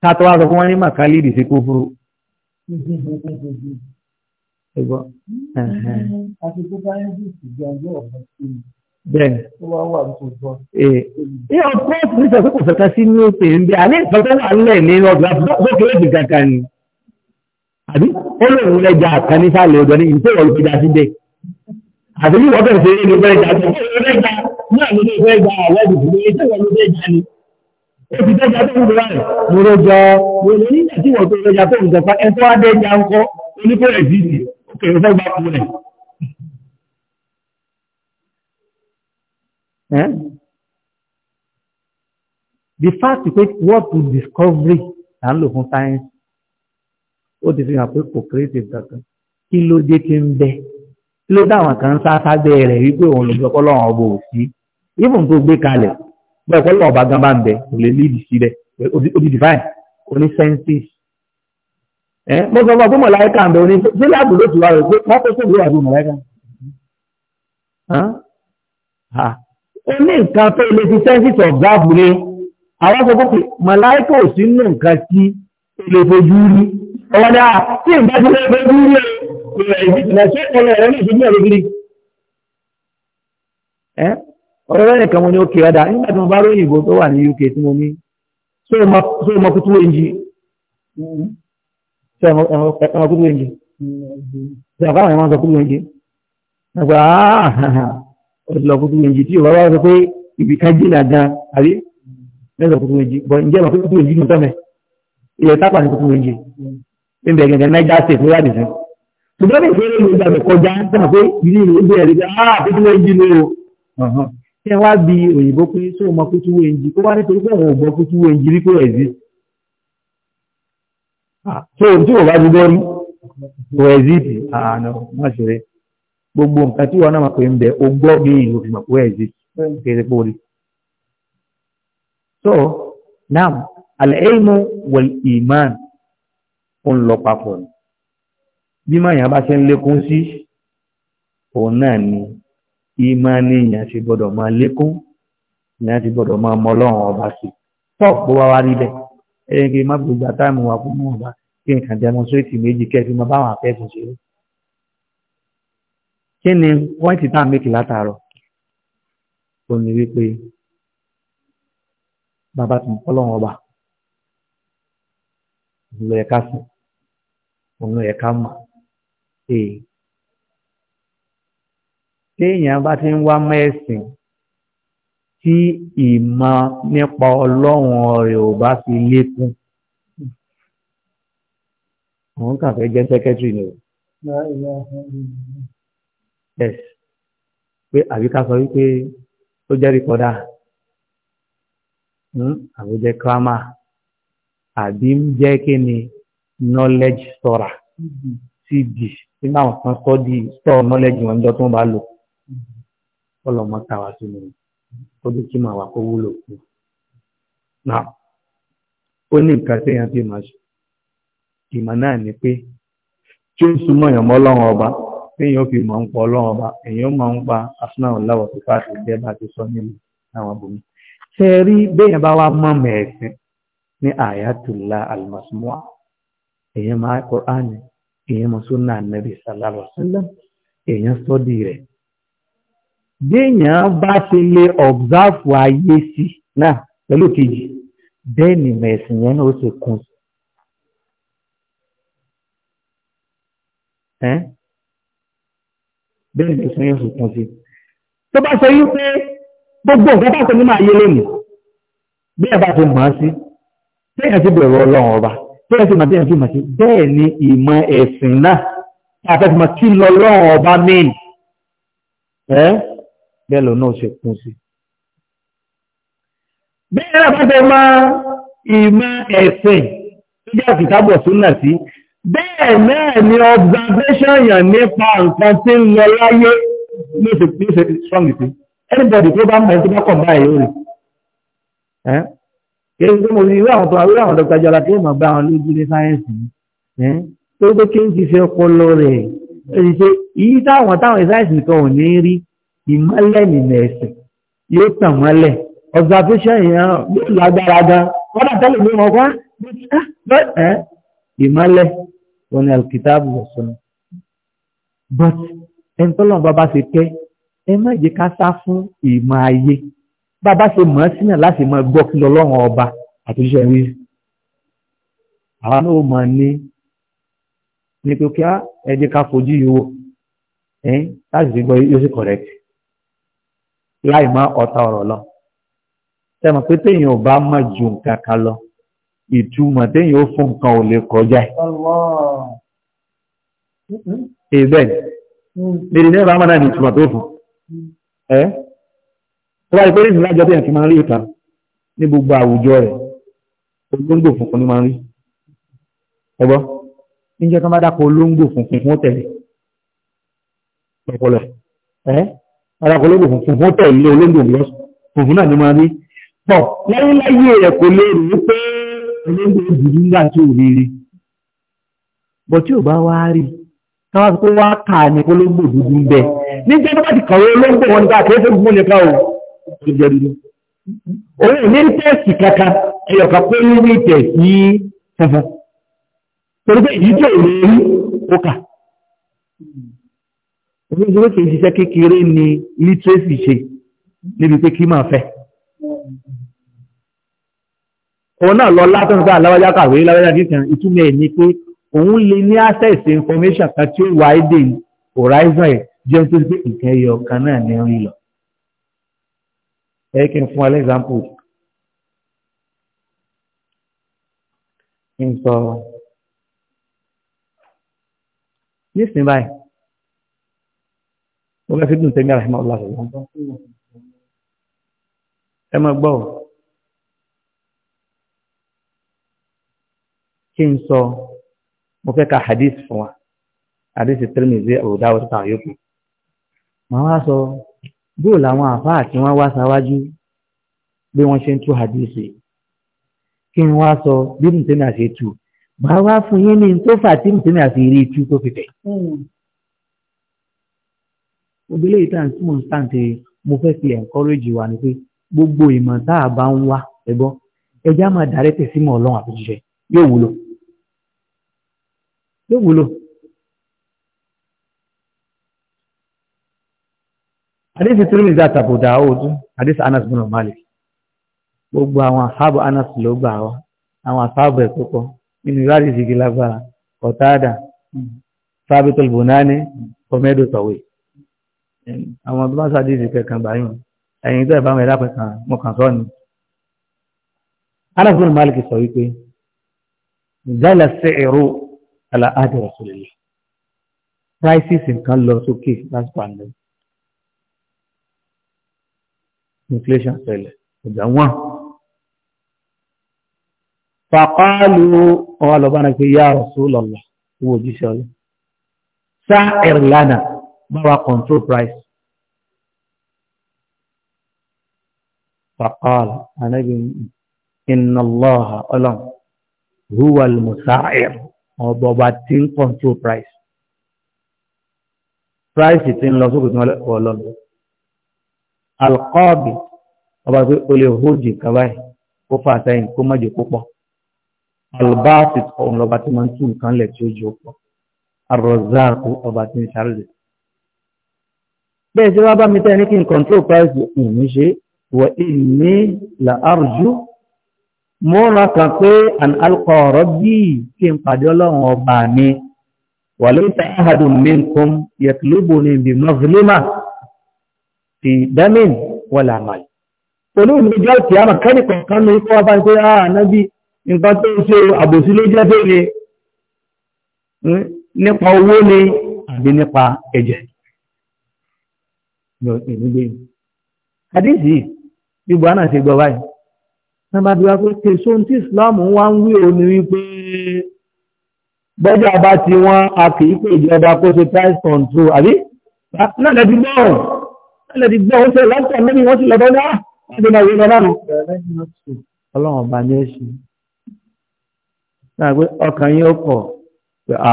Tátọ́ wá sọ fún wọn ní màkà lídì Ẹgbọ́n. Àti tó bá ń bí ìgbà yóò ọ̀pọ̀ sí mi bẹ́ẹ̀ni. ìyá ọ̀pọ̀lọpọ̀ ní sọ pé kò fẹ́ta sí ní òpè ń bẹ àní ìfọ̀tẹ́ wà ńlẹ̀ ní ọgbà lókèrè jù kankan ni. àbí ó lè ń lẹ́jà kan ní sàlẹ̀ ọ̀dọ́ ní ìfẹ́ wọ̀ lókè jásí bẹ́ẹ̀. àti bí wọ́n bẹ̀rẹ̀ sí ní ìfẹ́ jà sí ìfẹ́ náà ní ìfẹ́ gba àwọn ìdìbò ìfẹ́ wọ̀ lókè jà ni. ó ti dẹ́jà tó ń bọ̀ rẹ̀ mọ̀rọ̀jọ wọlé nígbà tí wọ́n tó Eh? the fact pé what to discovery and ń lò science ó ti fi hàn pé kò creative kankan kí ló dé tí ń bẹ kí ló dáwọn kan sáfá bẹ rẹ wípé òun lòdì ọpọlọ àwọn ọbọ òsì even tó gbé kalẹ̀ bí ọpọlọ ọba gan bá ń bẹ kò lè lead síbẹ̀ odi divine oní senses eh? ẹ mo sọ fún ọ pé mọláyíkà ń bẹ oní sí láàbù ló ti wá rẹ pé wọn fẹsẹ̀ ló wà bí mọláyíkà ó ní nǹkan tó lè fi sẹ́ńsìtì ọ̀gáàbù ni àwọn sọ pé màláìkà ò sí nù nǹkan tí ó lè fojú rí ọ̀dà tí nǹkan tí ó lè fojú rí ọ̀rọ̀ ìfìtìlẹ̀ ṣé ọ̀rọ̀ ẹ̀rọ ní ìṣojú ẹ̀rọ gidi. ọ̀rọ̀ ẹ̀rọ nìkan mo ní ó kéré dáa nígbà tí mo bá ròyìn ìbò tó wà ní UK tí mo ní ṣé ọmọ kútú ẹ̀ǹjì ṣé ọmọ kútú ẹ̀ǹjì ṣé ọ̀gá àwọn ẹ̀mọ́ sọ kútú ẹ̀ǹjì ọ̀tọ̀lọ̀ kúkú méjì tí ọ̀rọ̀ wá sọ pé ibi ká jìnà gan àrí mẹ́sàn kúkú méjì bọ̀ ǹjẹ́ ìmọ̀ kúkú méjì ní sọ́mẹ̀ ilẹ̀ tápà ní kúkú méjì ní bẹ̀rẹ̀ gẹ̀gẹ̀ náírà state lórí àdìsẹ́ ṣùgbọ́n ìfẹ́ ló ń gbàgbẹ́ kọjá dáa pé ilé ìlú bẹ̀rẹ̀ rí bẹ́ẹ̀ ah kúkú méjì ni o ṣé wá bí òyìnbó pé ṣé o mọ kúkú méjì kó wá nítorí pé òun ò gbọ́ kúkú méjì rí pé ẹ̀zí ah, ṣé o tí o bá ti gbogbo nǹkan tí wọn náà máa pè ń bẹ o gbọ́ bí ìlú fi mọ̀ pé ẹ̀sì kéré pòrí. so naam al-ilmu wal-iman ó ń lọ papọ̀ ni bí màyàn bá ṣe ń lékún sí òun náà ni ìmánì èèyàn ṣe gbọ́dọ̀ máa lékún èèyàn ṣe gbọ́dọ̀ máa mọ ọlọ́run ọba sí tọ́ bó wá wá rí bẹ́ẹ̀ ẹ̀yìn kí n má gbogbo àtàwọn ìwà fún ọba kí n kàn demonstrate méjì kẹ́ẹ̀fì máa bá àwọn afẹ́fẹ́ ṣeré kí ni wọ́n ti tá à méjì látàárọ̀ ó ní wípé bàbá tó ń kọ́lọ́wọ́n ọba òun ló yẹ ká sùn òun ló yẹ ká mọ̀ ee téèyàn bá ti ń wá mẹ́sìn tí ìmọ̀ nípa ọlọ́run rẹ̀ ò bá fi lékún òun kàn fẹ́ jẹ́ sẹ́kẹ́tìrì ni o s pé àbí ká sọ wípé ó jẹ́ rìkọ́dà hmm? àbí jẹ́ kírámà àbí ń jẹ́ kí ni knowledge sọ̀rà cd nígbà àwọn kan sọ di sọ knowledge wọn jọ tó ń bá lò mm-hmm. ọlọmọ tàwa sínú ó dé kí màá wà kó wúlò kú náà ó ní nǹkan téèyàn fi máa ṣe ìmọ̀ náà ni pé tí ó súnmọ́ èèyàn mọ́ ọlọ́run ọba téèyàn fi mọ̀ ń pọ̀ ọlọ́run ọba èèyàn mọ̀ ń pa asúnáwò láwọ̀ tó fàṣẹ jẹ́ bá ti sọ nílùú àwọn abòmí. ṣe rí béèyàn bá wá mọ̀ mẹ́ẹ̀sìn ní àyàtúlá almasmua èèyàn máa kọ́ránì èèyàn máa súnà nàbì sàlálà sílẹ̀ èèyàn sọ́dí rẹ̀. béèyàn bá ti lè ọ̀bzáfù ayé sí náà pẹ̀lú kejì bẹ́ẹ̀ ni mẹ̀sìn bẹ́ẹ̀ ni ìsìn yóò fi kún sí. tó bá sọ yí pé gbogbo nǹkan bá sọ ní máa yé lónìí bí ẹ bá ti mọ̀ ọ́ sí téèyàn ti bẹ̀rù ọlọ́run ọba téèyàn ti mọ̀ téèyàn ti mọ̀ sí bẹ́ẹ̀ ni ìmọ̀ ẹ̀sìn náà àfẹ́fẹ́mọ̀ kí lọ lọ́run ọba mẹ́rin bẹ́ẹ̀ náà ni observation yàn nípa nǹkan tí ń lọ láyé ló ṣe ló ṣe strong sí anybody tó bá mọ̀ tó bá kọ̀ báyìí ó rè ẹ́ kí ló mo rí ìwé àwọn tó àwọn àwọn dọ́kítà jọra kí ló mọ̀ bá àwọn lójú ní sáyẹ́ǹsì ẹ́ tó gbé kí n ti fi ọpọlọ rẹ̀ ó ti ṣe èyí táwọn táwọn sáyẹ́ǹsì nìkan ò ní rí ìmọ́lẹ̀ nìmọ̀ ẹ̀sìn yóò tàn mọ́lẹ̀ observation yẹn yóò lágbára gan wọ́n dà tẹ́lẹ̀ mi mọ̀ wá ìmọ́lẹ̀ wọn ni alkitabu ọ̀sọ̀nà but ẹni tó lọ́nà bàbá ṣe kẹ́ ẹ má jẹ́ ká sá fún ìmọ̀ ayé bàbá ṣe mọ̀ ọ́ sínú láti mọ̀ gbọ́ kí lọ́lọ́run ọba àtúnṣe wí àwa náà mọ̀ ní ní pé kí ẹ jẹ́ ká fojú yìí wò láti fi gbọ́ yóò sì correct láì má ọ̀tá ọ̀rọ̀ lọ sẹ́mi pé téèyàn ò bá mọ̀ ju nǹkan kan lọ ìtumọ̀ téyìn ó fún nǹkan ò lè kọjá ìbẹ̀ nìdí ní ọ̀rọ̀ àmàdà ní ìtumọ̀ tó fún ẹ́ tó wáyé pé nínú lájọ́ téyìn fi máa ń rí ìta ní gbogbo àwùjọ rẹ̀ olóńgbò funfun ní máa ń rí ẹgbọ́ níjẹ́ tó bá dákọ̀ olóńgbò funfun fún tẹ̀lé ọpọlọ ẹ́ adákọ̀ olóńgbò funfun fún tẹ̀lé olóńgbò funfun náà ní máa ń rí pọ̀ láyé láyé rẹ̀ lè rí pé olóńgbò ìdìrí nígbà tí ò rírí bọ̀ tí ò bá wá rí káwọn tó wá kà ní olóńgbò dúdú ń bẹ nígbà tó bá ti kàwé olóńgbò wọn nígbà tó fẹ́ gbóni ká o tó jẹ òun ní tẹ́ẹ̀sì kankan ẹyọ pé ní ní tẹ̀sí funfun torí pé ìdí tí rí ó òun ìṣòro kì kékeré ni lítírésì ṣe níbi pé kí máa fẹ́ òun náà lọ látọ́nù pé aláwájá kàwé láwájá kìkan ìtumọ̀ ẹ̀ ni pé òun lè ní access information kan tí ó widen horizon ẹ̀ jẹun tó gbé nǹkan ẹyọ kan náà ní orí lọ. ẹ kí n fún ọ example. kí n sọ nísìnyí báyìí mo fẹ́ fi dùn tẹ́mi àrà ẹ̀ máa lọ àṣẹ ẹ̀ máa gbọ́ ọ. kí n sọ mo fẹ́ ka hadith fún wa hadith Tirmidhi Abu Dawud tàwọn yòókù màá wá sọ bó làwọn àfáà tí wọ́n wá sáwájú bí wọ́n ṣe ń tú hadith yìí kí n wá sọ bí nìtẹ́nà ṣe tú màá wá fún yín ní tó fà tí nìtẹ́nà ṣe rí tú tó fi tẹ̀. Hmm. obìnrin yìí tàn tí mò ń tàn tẹ mo fẹ́ fi encourage wa ni pé gbogbo ìmọ̀ tá a bá ń wá ẹ̀gbọ́n ẹja máa dàrẹ́tẹ̀ símọ̀ ọlọ́run àtúnṣe yóò wúlò yóò wúlò. Hadith Tirmidhi àti Abu Dawud, Hadith Anas bin Malik. Gbogbo àwọn àṣàbù Anas ló gbà wá, àwọn àṣàbù ẹ̀ tó pọ̀ nínú ìwádìí ìsìnkì lágbára, Qatada, Sabitul Bunani, Omedo Tọ̀wé. Àwọn tó bá sáàdì ìsìnkì kan gbà yìí, ẹ̀yìn tó ẹ̀bá mẹ́ta pẹ̀kan mọ́kàn sọ́ ni. Anas bin Malik sọ wípé, Zala Se'iru ala adi rasulillah prices nǹkan lọ sókè last pandemic inflation ṣẹlẹ̀ ọjà wọn. fàkàlù ọwọ́ lọ́ba náà pé ya Rasulullah owó òjíṣẹ́ ọlọ́ sá ẹ̀rìlánà bá control price. fàkàlù anábì inna Allah ọlọ́run huwa al-musa'ir ọba tí ń control price price ti ń lọ sókè tí wọ́n lọ lọ alkọ́ọ̀bì ọba pé o lè hójì kàbáyì kó fà sẹ́yìn kó mọ́jì púpọ̀ albáàsì ọ̀hún lọ́ba tí wọ́n ń tún nǹkan lẹ̀ tí ó jù pọ̀ arọ́záàkú ọba tí ń ṣàlẹ̀ bẹ́ẹ̀ sí wá bá mi tẹ́ ní kí n control price ìní ṣe wọ ìní la arjú mo ràn kàn pé an alkọ ọ̀rọ̀ bí kí n pàdé ọlọ́run ọba mi wà ló ń ta ahàdù minkum yẹtùlúbù ní ibi mọ́sílímà ti damin wọlé àmàlì olóòrùn ní ìjọ ìtì àmà kẹ́lì kọ̀ọ̀kan ní ikọ́ ọba pé ah nábì nǹkan tó ń ṣe àbòsí ló jẹ́ bèrè hmm? nípa owó ni àbí nípa ẹ̀jẹ̀ àdìsí gbogbo àná ti gbọ́ báyìí nàbà bí wá pé tèso tí ìsìláàmù wá ń wí òní wípé bọ́jà bá ti wọ́n a kì í pé ìjọba kó ṣe price control àbí náà lẹ́ti gbọ́ ọ̀ náà lẹ́ti gbọ́ ó ṣe lọ́tọ̀ lórí wọ́n sì lọ́tọ̀ náà ah, wọ́n ti máa wí lọ́nà nù. ọlọ́run ọba ní ẹ̀ṣin náà pé ọkàn yín ó kọ̀ pé à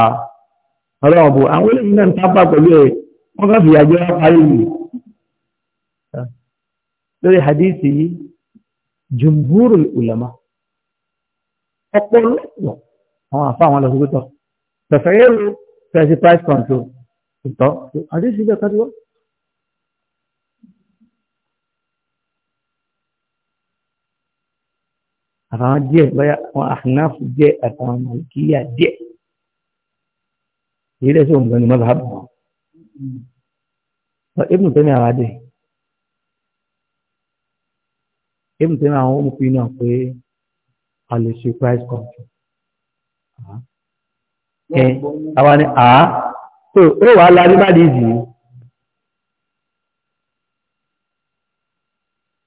ọlọ́run ọ̀bù àwọn eléyìí náà ń tábà pẹ̀lú ẹ̀ wọ́n kàn fìyà jẹ́ parí yìí lórí hadisi yìí jumhurul ulama ọ̀pọ̀lọpọ̀ àwọn àfa àwọn lọ́sọ̀gbọ́tọ̀ tẹ̀fẹ̀yẹ́rù fẹ́ẹ́sì price control ìtọ́ àdéhùn ìgbà kájú wá. àtàwọn díẹ̀ báyà àwọn àhìnáfù díẹ̀ àtàwọn màlìkíyà díẹ̀ èyí lẹ́sẹ̀ òǹgbẹ́ni mọ́tò àbọ̀ wọn. ibùdó ní àwọn adé. èmi tẹ́lẹ̀ àwọn òmùpí náà pé a lè ṣe price control ẹ àwa ni a tó ó wà á la nígbàdí ìdì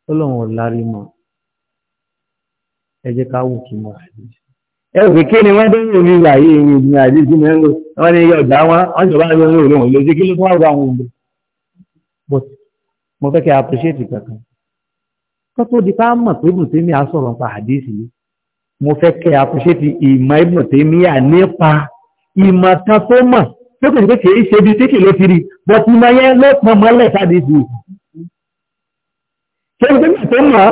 ó lóun ò lárí mọ́ ẹ jẹ́ ká wù kí kí ni wọ́n tó ń rò ní ìgbà yìí ìrìn ìrìn àjí sí mẹ́rin wọ́n ní ọ̀dá wọn wọ́n jọba ń rò lóhùn lójú kí ló fún àwọn àwọn òǹdó but mo fẹ́ kí a appreciate kankan tó tó di ká mọ̀ pé Ibn Taymiyyah á sọ̀rọ̀ nípa àdéhìsì ni mo fẹ́ kẹ́ àpòṣe ti ìmọ̀ Ibn Taymiyyah nípa ìmọ̀ kan tó mọ̀ tó kò ní pé kìí ṣe bí kéèkì ló ti rí but ìmọ̀ yẹn ló pọn mọ́lẹ̀ sádìsì ṣé ibi tó mọ̀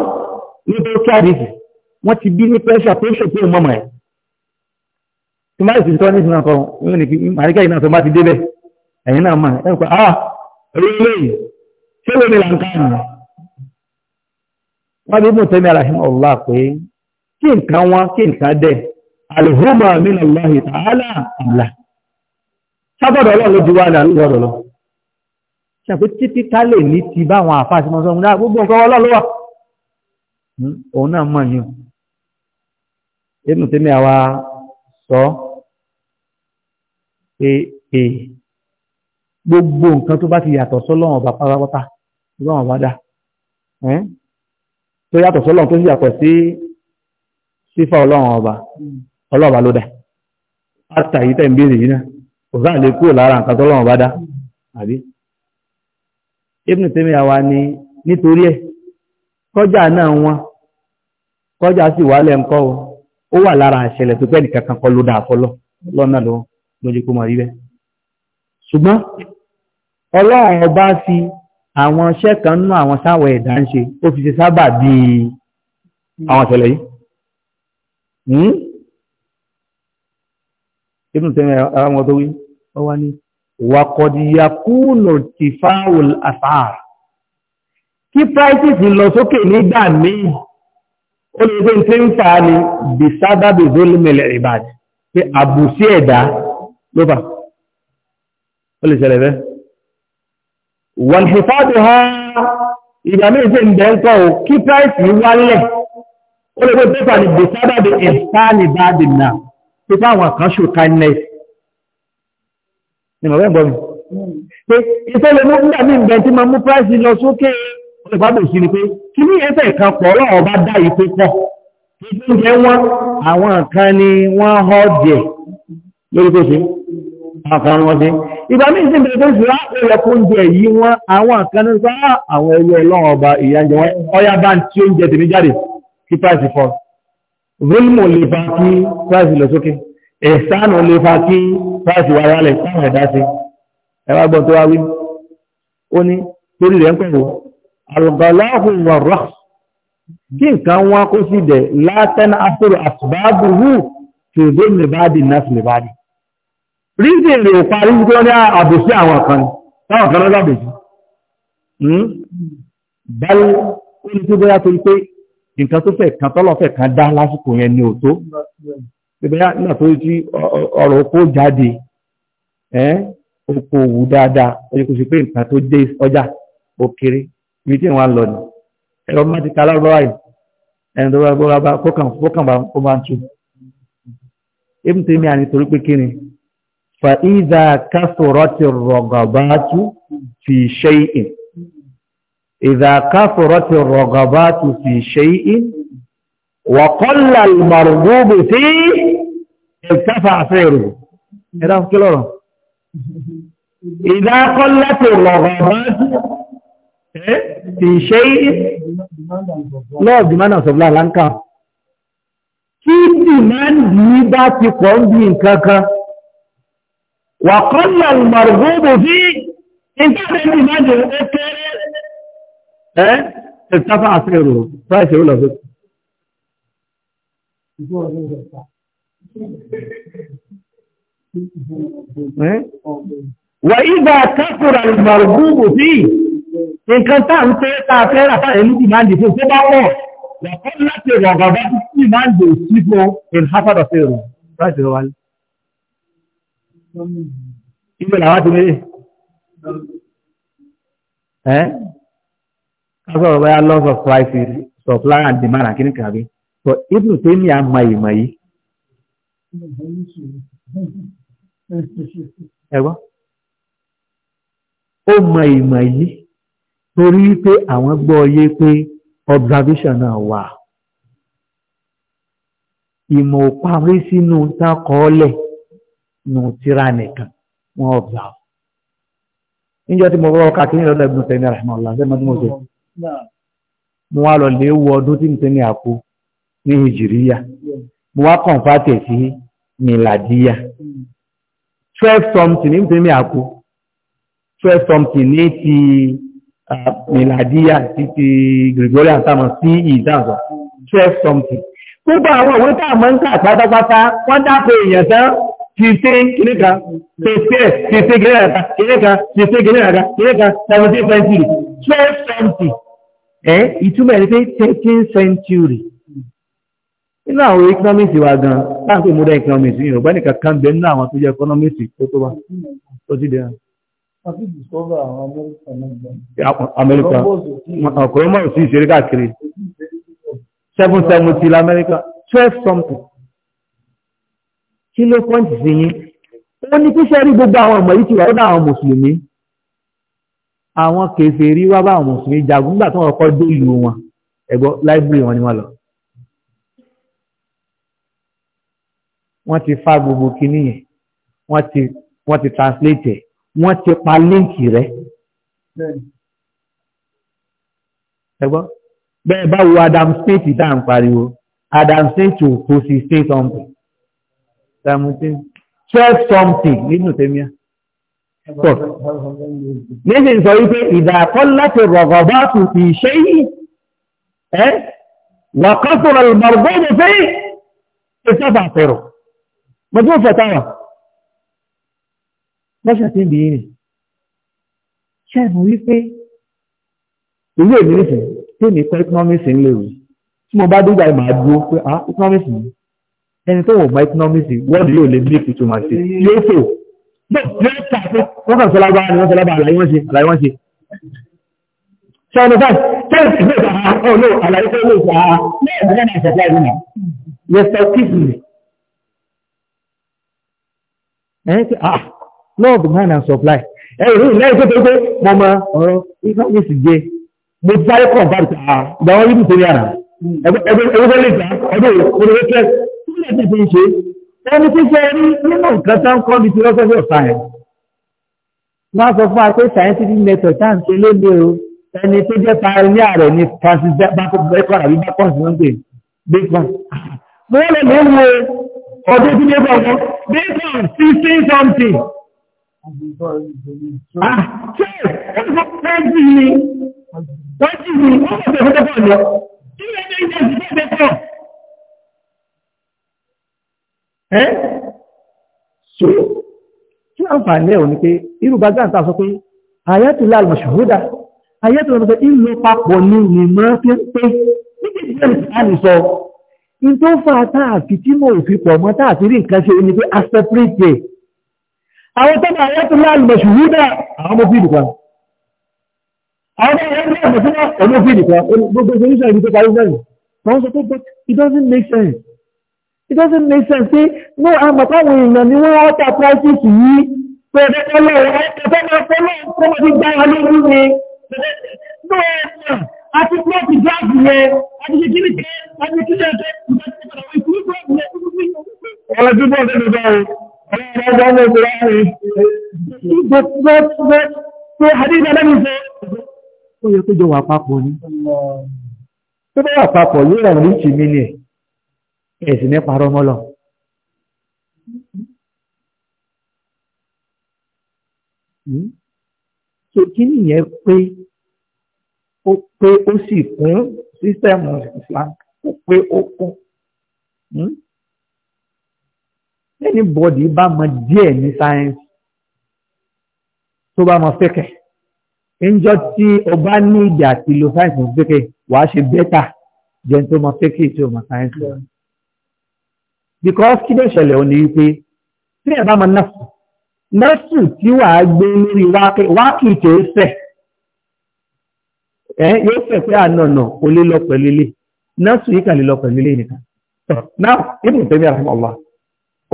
níbi sádìsì wọ́n ti bí ní pẹ́ṣà pẹ́ṣà pé mọ̀ mọ̀ ẹ̀ tí máa sì tọ́ ní ìsìn náà kọ́ ẹ̀yìn náà mọ̀ ẹ̀ pẹ́ ah orílẹ̀ yìí ṣé wọ́n bí mùtẹ́mí rahimahullah pé kí nǹkan wọn kí nǹkan dẹ̀ alhuma minallahi ta'ala àmàlà sábọ̀dọ̀ ọlọ́run ló di wá ní àlúwọ̀dọ̀ lọ ṣàpé títí kálè ní ti báwọn àfáàsí mọ́sán ní gbogbo nǹkan ọlọ́run wà hmm, òun náà mọ̀ yín ẹnu tẹ́mi àwa sọ pé pé gbogbo nǹkan tó bá ti yàtọ̀ sọ́lọ́run ọba pátápátá ọlọ́run ọba dá hmm? tó yàtọ̀ sọ́lọ́n tó yàtọ̀ sí sífà ọlọ́run ọba ọlọ́ọ̀bá ló dá àtà yìí tẹ́ ń béèrè yìí náà kò sáà lè kúrò lára nǹkan tọ́lọ́run bá dá àbí Ibn Taymiyyah wa ni nítorí ẹ̀ kọjá náà wọn kọjá sì wà lẹ́ ńkọ́ o ó wà lára àṣẹlẹ̀ tó pẹ́ nìkan kan kọ́ ló dá àfọlọ́ lọ́nà lọ́wọ́ lójú kó mọ̀ rí bẹ́ẹ̀ ṣùgbọ́n ọlọ́run ọba fi àwọn iṣẹ́ kan nú àwọn sáwọ̀ ẹ̀dá ń ṣe ó fi ṣe sábà bí àwọn ìṣẹ̀lẹ̀ yìí hmm? ibùn tẹ́lẹ̀ àwọn tó wí ó wá ní wàkọ̀dìyàkúnù ti fáwọl àfáà kí ṣẹlẹ̀ bẹ́ẹ̀ wọ́n fi fọ́dù ha ìgbà méjì ń bẹ̀ ń kọ́ kí price yìí wálẹ̀ ó lè gbé pépà ní bùsádà bí ìsáàlì bá dì náà tó bá àwọn kan ṣù kindness ni mọ̀ bẹ́ẹ̀ bọ́ mi pé iṣẹ́ lè mú nígbà mí bẹ̀ tí máa mú price lọ sókè olùbádò sí ni pé kí ní ẹsẹ̀ kan pọ̀ ọlọ́run bá dá ìpé pọ̀ kí ní jẹ́ wọn àwọn kan ni wọ́n họ́ díẹ̀ lórí tó ṣe àfààní wọn sí. Ìgbà míì sí ìbẹ̀rẹ̀ tó ń sùúrà ó yẹ kó ń jẹ èyí wọn àwọn kan ní sọ ah, àwọn ẹlú ọlọ́run ọba ìyá jẹ wọn ọya bá ń tí oúnjẹ tèmi jáde kí price fọ. Volume lè fa kí price lọ sókè. Ẹ̀sánù lè fa kí price wà wálẹ̀ fún ẹ̀dá sí. Ẹ wá gbọ́ tó wá wí. Ó ní torí rẹ̀ ń pẹ̀lú. Àlùbọ̀láhùn wà rọ̀. Kí rízì lè parí tó ní àbòsí àwọn kan táwọn kan lọ́gbàbò jù hmm? bẹ́ẹ̀ ó ní tí bóyá tó pé nǹkan tó fẹ́ kan tọ́lọ̀ fẹ́ kan dá lásìkò yẹn ni ò tó bóyá náà tó jí ọ̀rọ̀ oko jáde oko òwú dáadáa ọjọ́ kò sí pé nǹkan tó dé ọjà ó kéré ibi tí wọ́n lọ ni ẹ̀rọ má ti ta lárúbáwá yìí ẹni tó bá gbọ́ bá kókàn bá kó máa tu ebi tèmi à torí pé kí fàíza kásùrọ̀tì rọ̀gàbátú fi ṣe'in ìza kásùrọ̀tì rọ̀gàbátú fi ṣe'in wà kọ́lá margbóbi tí ìtafà fẹ́rù ẹ̀dá kílọ̀rọ̀ ìza kọ́lá ti rọ̀gàbátú fi ṣe'in lọ́ọ̀ dìmánà sọ̀bùlá láńkà kí dìmánà yìí bá ti pọ̀ ń bí nǹkan kan وقل المرغوب فيه انت فاهم المجر ها ارتفع سعره ماشي ولا بس وإذا كثر المرغوب فيه إن كنت أنت تأثير فإن ديماند فيه سبعه لقلت الرغبات في ديماند فيه إن حفظ سعره ماشي ولا níbẹ̀ làwọn ti mérè ẹ́ kásọ̀rọ̀ bá laws of prices supply and demand àkíní kàbí so ibùn tó ní àmà ìmọ̀ yìí ẹ̀gbọ́n ó mọ ìmọ̀ yìí torí pé àwọn gbọ́ yé pé observation náà wà ìmọ̀ òpamọ́ sínú tákọ́ọ́lẹ̀ nù tíra nìkan wọ́n observe. níjọ́ tí mo rọ́ kàkiri lọ́dọ̀ Ibn Taymiyyah rahimahullah ṣe mọ́tí mo ṣe mo wá lọ lè wọ ọdún tí Ibn Taymiyyah àpò ní hijiriya mo wá kọ̀ǹfàtẹ̀ sí miladiya twelve something ní Ibn Taymiyyah àpò twelve something ní ti miladiya ti ti Gregorian sáàmù sí ìdáǹsọ̀ twelve something gbogbo àwọn òwe tá a máa ń kà pátápátá wọ́n dápò èèyàn tán fifteen kìíní kan fifteen th kìíní kan kìíní kan fifteen kìíní kan century twelve century ẹ̀ ìtumọ̀ ẹni pé thirteen century nínú àwọn economics wa gan láàpẹ̀ mọ́dá economics ní ọ̀gbá nìkan kan bẹ nínú àwọn tó jẹ́ economics tó tó wá tó ti dẹ̀ Amẹ́ríkà ọ̀kọ̀rọ̀ mọ̀ sí ìṣeré káàkiri 770 l'Amẹ́ríkà 12 something kí ló pọ́ǹtì sí yín ó ní kí sẹ́rí gbogbo àwọn ọmọ yìí ti wà lọ́dọ̀ àwọn mùsùlùmí àwọn kèfèrí wá bá àwọn mùsùlùmí jagun nígbà tí wọ́n kọ́ dé ìlú wọn ẹ̀gbọ́ láìbírì wọn ni wọ́n lọ wọ́n ti fa gbogbo kinní yẹn wọ́n ti wọ́n ti translate ẹ̀ wọ́n ti pa líǹkì rẹ̀ ẹ̀gbọ́ bẹ́ẹ̀ báwo Adam Smith tá à ń pariwo Adam Smith ò kó sí state something seventeen twelve something nínú tèmíà. So, méjì sọ wípé ìdàkọ́ láti rọ̀gọ̀bá tù fi ṣe yìí, ẹ́, wàkọ́sọ̀rọ̀ ìgbàgbọ́ ní fẹ́ ìṣẹ́fà fẹ̀rọ. Mo tún fẹ̀ táwà. Lọ́ṣẹ̀ tí ń bí rìn. Ṣẹ́ẹ̀mù wípé ìwé ìmìíràn tí mi kọ́ economics ń léwu. Tí mo bá dúgbà ìmọ̀ àdúgbò pé, ah, economics ni ẹni tó wọ̀ gba economics wọ́ọ̀dù yóò lè bíkì tó máa ṣe yóò tó yóò tà pé wọ́n kàn sọ́lá bá wọ́n sọ́lá bá àlàyé wọ́n ṣe àlàyé wọ́n ṣe. ṣé ọ̀nà báyìí tẹ́lẹ̀ tí yóò bá ọ̀ lò àlàyé tó lò fà á ní ẹ̀dá náà ṣẹ̀fẹ̀ ẹ̀dá náà yẹ sọ kíkì rẹ̀. ẹ̀yìn tí ah law of demand and supply ẹ̀yìn lẹ́yìn tó tó pé mo mọ ọ̀rọ̀ economics jẹ mo sáré kọ̀ bá ìgbà wọn yí sì fi ń ṣe ẹni tí ṣe rí nínú nǹkan tó ń kọ́ ní philosophy of science wọ́n sọ fún wa pé scientific method tá à ń ṣe lóde o ẹni tó jẹ́ pioneer rẹ̀ ni Francis Bacon àbí Bacon ló ń pè Bacon mo lè lè wo ọdún tí Bacon sọ Bacon fifteen something. Ah, ṣé ẹ ń sọ pé jì ní wọ́n jì ní wọ́n kò tẹ̀ fún Bacon lọ kí ló dé ìjọba Bacon ẹ́ so kí àǹfààní ẹ̀ ò ní pé irú bá gáàntà sọ pé àyàtúlá àlùmọ̀ṣàhúdà àyàtúlá sọ ìlú papọ̀ ní ìmọ̀ fi ń pé níbi ìbẹ̀rẹ̀ sáàlì sọ in tó fa táàfi tí mo fi pọ̀ mọ́ táàfi rí nǹkan ṣe ní pé a separate àwọn tó bá àyàtúlá àlùmọ̀ṣàhúdà àwọn ọmọ fíìdì kan àwọn ọmọ fíìdì kan gbogbo solution tó parí it doesn't make sense it doesn't make sense pé ní àmọ̀táwọn èèyàn ni wọ́n ọ́ta crisis yìí pé ọ̀dẹ́kọ́lẹ̀ ọ̀dẹ́kọ́lẹ̀ ọ̀dẹ́kọ́lẹ̀ ti gbára lórí ni àti plọ́ọ̀tì gáàsì yẹn àti kékeré kẹ́ àti kékeré kẹ́ ọ̀lẹ́dúgbò ọ̀dẹ́dù bẹ́ẹ̀ ọ̀lẹ́dúgbò ọ̀dẹ́dù bẹ́ẹ̀ ẹ̀sì ní parọ́ mọ́lọ̀ hmm? so kí nìyẹn pé ó pé ó sì kún sísẹ́mù Islam ó pé ó kún ẹni hmm? bọ́dì bá mọ díẹ̀ ní sáyẹ́nsì tó bá mọ fẹ́kẹ̀ níjọ́ tí o bá ní ìdí àti lo sáyẹ́nsì fẹ́kẹ̀ wàá ṣe bẹ́tà jẹun tó mọ fẹ́kẹ̀ tí o mọ sáyẹ́nsì because kí ló ṣẹlẹ̀ ò ní wípé tí ẹ̀ bá mọ nọ́ọ̀sù nọ́ọ̀sù tí wàá gbé lórí wákìí tó sẹ̀ ẹ̀ yóò fẹ̀ pé ànànà ó lé lọ pẹ̀lú ilé nọ́ọ̀sù yìí kàn lè lọ pẹ̀lú ilé nìkan now ibùdó tẹ́mi àfihàn ọ̀la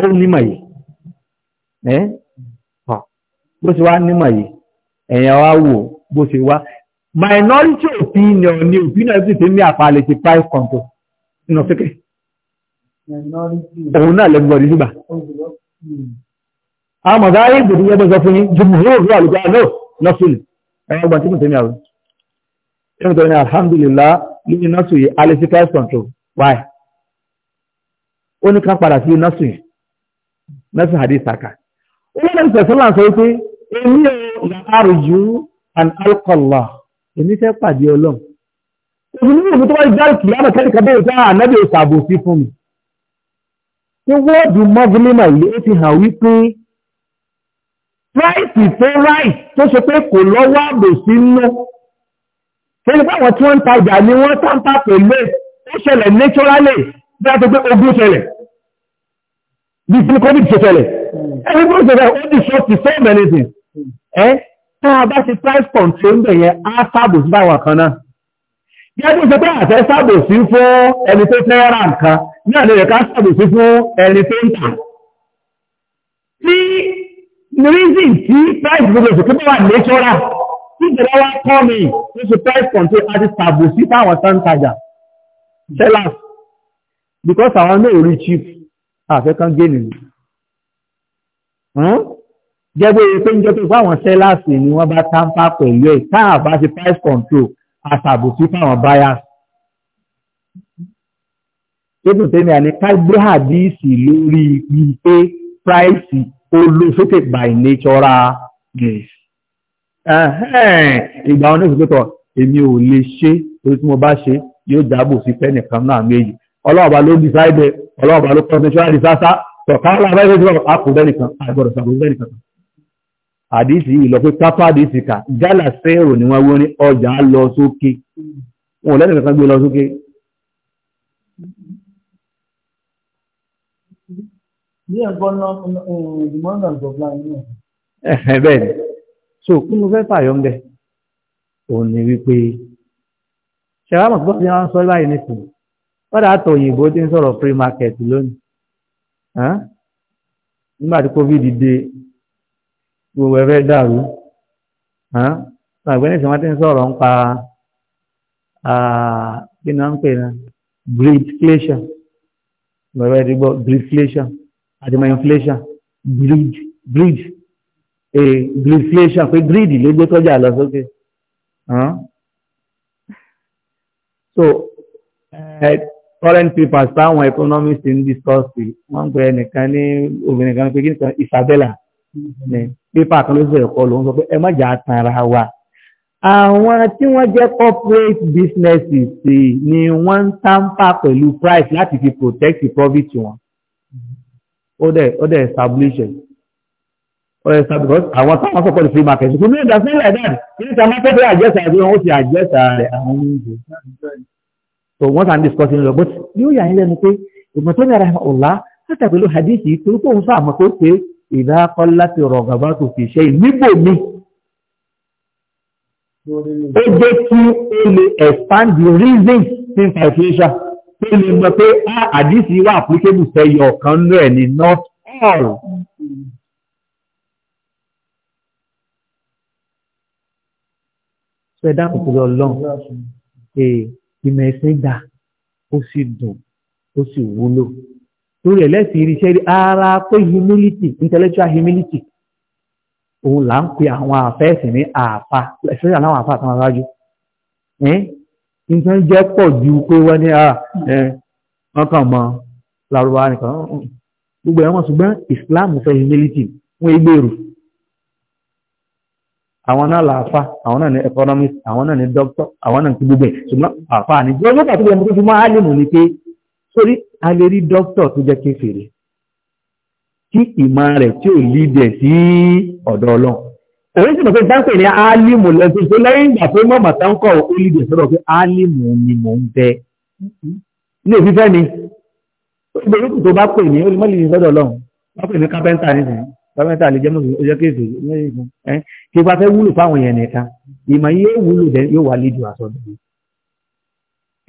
ó nímọ̀ yìí ẹ̀ bó ṣe wá nímọ̀ yìí ẹ̀yàn wá wò bó ṣe wá minority opinion ni opinion ti tẹ́mi àpá lè ti price control nínú fíkẹ́ òun náà lẹ́gbọ̀n rí nígbà a mọ̀ dáyé ìgbèrú ẹgbẹ́ sọ fún yí jùmùhúrò rí àlùgbà náà nọ́sùlù ẹgbẹ́ tí mo tó ní alhamdulillah lórí nọ́sù yìí alẹ́sí price control why ó ní ká padà sí nọ́sù yìí nọ́sù hadith saka ó ní ẹgbẹ́ sọ́lá sọ pé èmi ò ga àrùjú an alcohol èmi fẹ́ pàdé ọlọ́run èmi ní ìlú tó wáyé ní wọ́ọ̀dù mọ́gílímà ilé ó ti hàn wípé ráìsì fún ráìsì tó ṣe pé kò lọ́wọ́ àbò sínú torí báwọn tí wọ́n ń tajà ni wọ́n tàǹtà pẹ̀lú ó ṣẹlẹ̀ naturally bí a ti gbé ogún ṣẹlẹ̀ bí i covid ṣe ṣẹlẹ̀ ẹni tó ṣẹlẹ̀ ó ti ṣe ti same anything ẹ́ tá a bá ti price control ń bẹ̀yẹn á sábò sí báwọn kan náà Gẹ́gùn sọ pé àfẹ́ sàbòsí fún ẹni tó fẹ́ ra nǹkan ní àlèrè ká sàbòsí fún ẹni tó ń tà. Tí reason tí price gbogbo ìṣòkú bá wà nẹ́ṣọ́rà tí ìjọba wá kọ́ mi ní ṣe price control àti sàbòsí fáwọn tó ń tajà. Sellers because àwọn náà rí cheap àfẹ́ kan gé nìyí. Hmm? Gẹ́gbé pé ń jẹ́ pé fáwọn sellers ni wọ́n bá tápá pẹ̀lú ẹ̀ táà bá ṣe price control àtàbùtí fáwọn báyà. Ibùn tèmi àní kágbé àdíìsì lórí wípé price olóṣókè by natural gas. Ìgbà wọn ní ìfòkútọ̀, èmi ò lè ṣe torí tí mo bá ṣe yóò jábò sí fẹ́ nìkan náà méjì. Ọlọ́ọ̀bá ló decide, ọlọ́ọ̀bá ló consensual disaster, tọ̀kárà bẹ́ẹ̀ tó àkùdẹ́ nìkan, àìgbọ̀dọ̀ sàbòdẹ́ nìkan àdísì ìlọ pé pápá àdísì kà gálà sẹ́rò ni wọ́n wọ́n ní ọjà lọ sókè wọn lẹ́nà kankan gbé lọ sókè bẹ́ẹ̀ni so kí mo fẹ́ fàyọ ń bẹ̀ ò ní wípé ṣẹ̀rámọ̀ tó ti wọ́n sọ báyìí nìsìn wọ́n àtọ̀ òyìnbó tí ń sọ̀rọ̀ free market lónìí nígbàtí covid dé gbogbo ẹ̀fẹ́ dàrú àgbẹ̀ nísìnyí wọ́n ti ń sọ̀rọ̀ ń pa kí ni wọ́n ń pè ní greedflation lọ́wọ́ ẹ̀dígbọ́ greedflation àdìmọ̀ inflation greed greed eh greedflation pé greed ló gbé tọ́jà lọ sókè so current papers táwọn economists ń discuss wọ́n ń pè ẹnìkan ní obìnrin kan pé kí ni Isabella ní pépà kan ló sì ẹ̀kọ́ ló ń sọ pé ẹ má jà tanra wa àwọn tí wọ́n jẹ́ corporate businesses ni wọ́n ń tamper pẹ̀lú price láti fi protect the profit wọn ó dẹ̀ ó dẹ̀ establish it ó dẹ̀ establish because àwọn táwọn sọ̀kọ́ ní free market ṣùgbọ́n mílíọ̀nù dasí nílẹ̀ náà kí níta máa tẹ́tẹ́ àjẹsà àti wọn ó ti àjẹsà rẹ̀ àwọn oúnjẹ so wọ́n sàn discussing lọ but yóò yà ń lẹ́nu pé ìgbọ̀n tó ní ara ọ̀la látàgbélú hadith yìí torí pé òun sọ àmọ́ tó pé ìdákọ́ láti rọ̀gàbá tó fi ṣe ìgbígbò mi ó jẹ́ kí ó lè expand the reason in perfection tó lè mọ̀ pé ah, àdísí wà applicable fẹ́yọ ọ̀kan ní ẹ̀ ní not all ṣẹ̀dá kòkòrò ọlọ́run ìmẹ̀sìn dà ó sì dùn ó sì wúlò lórí ẹlẹ́sìn irinṣẹ́ rí ara pé humility intellectual humility òun là ń pe àwọn àfẹ́sìn ní àfa especially àwọn àfa àtàwọn arájú nǹkan jẹ́ pọ̀ ju pé wọ́n ní wọ́n kàn mọ lárúbá nìkan gbogbo ẹ̀wọ̀n ṣùgbọ́n Islam fẹ́ humility fún egbèrò àwọn náà làáfà àwọn náà ní economist àwọn náà ní doctor àwọn náà ní gbogbo ẹ̀ ṣùgbọ́n àfa ní gbogbo ẹ̀ tó yẹ kó fi máa lè mọ̀ ní pé torí a lè rí dókítọ̀ tó jẹ́ kéfèrè kí ìmọ̀ rẹ̀ tí ò lídẹ̀ sí ọ̀dọ̀ ọlọ́run òun sì mọ̀ pé dáńpẹ̀ ní álìmù lẹ́sùn tó lẹ́yìn ìgbà tó mọ̀ màtá ń kọ̀ ó lídẹ̀ sọ́dọ̀ pé álìmù ni mò ń bẹ ilé fífẹ́ ni olùgbòrúkù tó bá pè ní olùmọ́lì ní sọ́dọ̀ ọlọ́run wọ́n pè ní kápẹ́ńtà nísìnyí kápẹ́ńtà lè jẹ́ mọ̀ ó jẹ́ kéfèrè kí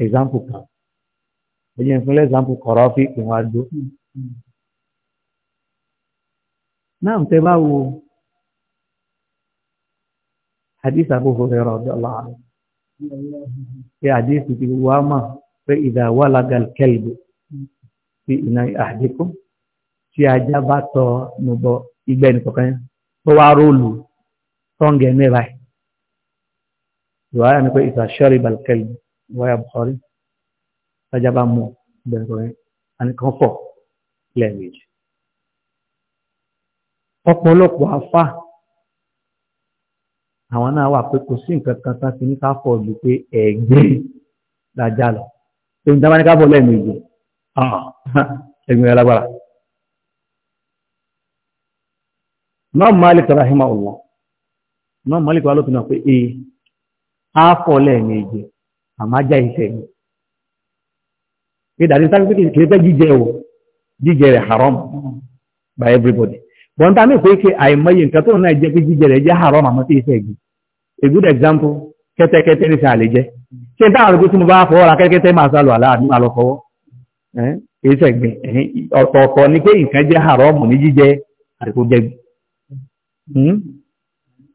wọ́n fẹ́ ẹ̀yẹ́ fún lẹ́sàmpù kọ̀rọ́fì ìwọ̀n àjò náà tẹ́ bá wo hadith Abu Hurairah radiyallahu anhu pé hadith ti wá mà pé idha walaga al-kalbu fi ina'i ahadikum tí ajá bá tọ̀ nùbọ̀ ìgbẹ́ nìkọ̀kan tó wá róòlù tọ́ǹgẹ̀ mẹ́ra ìwà yà ní pé idha shariba al wáyà Bukhari tájà bá mú bẹ̀rẹ̀ sọ̀rọ̀ àní kan fọ̀ lẹ́ẹ̀mejì. ọ̀pọ̀lọpọ̀ afá àwọn náà wà pé kò sí nǹkan kan tán ti ní ká fọ̀ ju pé ẹ̀gbẹ́ lájà lọ pé n dábàá ní ká fọ̀ lẹ́ẹ̀mejì ẹ̀gbẹ́ alágbára. náà Malik rahimahullah náà Malik wà lópin náà pé ee eh, á fọ̀ lẹ́ẹ̀mejì àmájá ìṣẹ̀yìn ìdàrí sáré pé kìí fẹ́ jíjẹ o jíjẹ rẹ̀ haram by everybody bọ́n tá ní pé kí àìmọye nǹkan tó náà jẹ́ pé jíjẹ rẹ̀ jẹ́ haram àmọ́ sí iṣẹ́ igi a good example kẹ́tẹ́kẹ́tẹ́ ní sàlẹ̀ jẹ́ ṣé n táwọn olùkú tí mo bá fọwọ́ ra kẹ́tẹ́kẹ́tẹ́ máa sálọ àláàdú máa lọ fọwọ́ kìí sẹ̀gbìn ọ̀tọ̀ọ̀tọ̀ ni pé nǹkan jẹ́ haram ní jíjẹ àríkó jẹ́ hmm?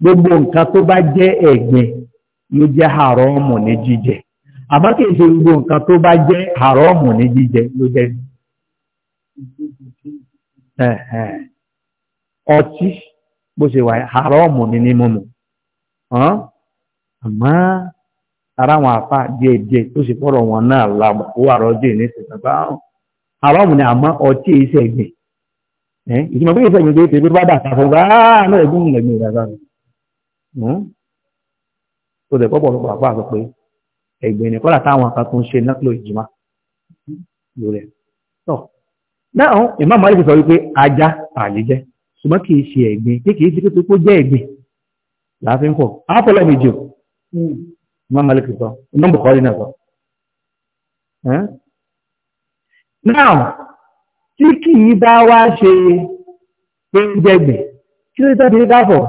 gbogbo nǹkan tó bá jẹ́ ẹ̀gbin ló jẹ́ haram ní jíjẹ àmọ́ kì gbogbo nǹkan tó bá jẹ́ àrọ́ọ̀mù ní jíjẹ ló jẹ́ ọtí bó ṣe wà àrọ́ọ̀mù ní ní mímu àmọ́ ara àwọn àfa díẹ̀ díẹ̀ tó ṣe fọ́rọ̀ wọn náà làbọ̀ ó wà rọ́jò ní ìsìnkà ni àmọ́ ọtí ìṣègbè ìtumọ̀ pé ìṣègbè tó ṣe pé bá dàtà fún wa náà ẹgbẹ́ ẹ̀gbìn ní kọ́lá táwọn kan tó ń ṣe náklò ìjìmá lórí ẹ̀ tọ́ náà Imam Malik sọ wípé ajá àlè jẹ́ ṣùgbọ́n kì í ṣe ẹ̀gbìn pé kì í ṣe pé tó jẹ́ ẹ̀gbìn láàfin kọ̀ ápọ̀lọ́ méjì o Imam Malik sọ Imam Bukhari náà sọ. náà tí kì í bá wá ṣe pé ń jẹ́gbìn kí ló tẹ́ fi dáfọ̀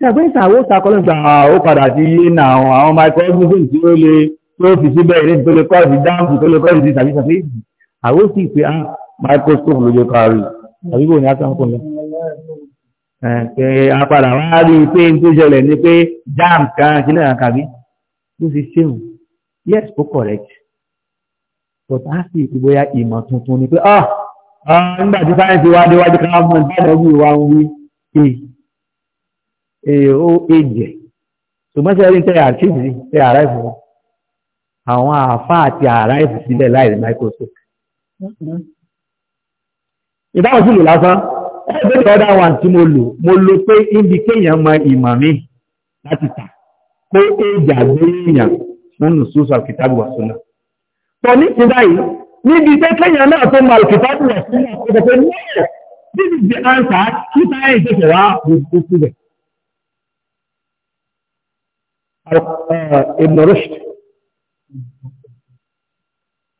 ṣàgbéǹsà ó sàkọlẹ̀ gbà ó padà sí yé náà àwọn microorganisms tí ó lè tó fi síbẹ̀ ilé tó lè kọ́ọ̀sì dáàbò tó lè kọ́ọ̀sì tàbí sàfẹ́ ìdì àwọn sì pé á ah, microscope lójú kọrí tàbí bò ní àtàkùn lọ. pé apàdà wọn á rí i pé n ṣẹlẹ̀ ni pé jam kan ti náà kàbí ló fi ṣéun yes ó correct but á sì pé bóyá ìmọ̀ tuntun ni pé ah nígbà tí sáyẹ́nsì wá déwájú ká mọ̀ dáadáa bí ìwà ń wí èè ó èjẹ̀ ṣùgbọ́n sẹ́yìn tẹ́ àkíyèsí tẹ́ àrà ìfowópamọ́ àwọn àfá àti ààrá ẹ̀sì sílẹ̀ láìrí microscope. ìdáhùn sí lò lásán ẹgbẹ́ ọ̀dá wà tí mo lò mo lò pé ibi kéèyàn mọ ìmọ̀ mi láti tà pé èjà gbé èèyàn nínú sùúrù alkitabu wà súnà. tọ́ ní ti báyìí níbi pé kéèyàn náà tó mọ alkitabu wà súnà kò pé nílẹ̀ níbi the answer kí táyà ìṣẹ̀ṣẹ̀ wá gbogbo síbẹ̀. Uh, Ibn Rushd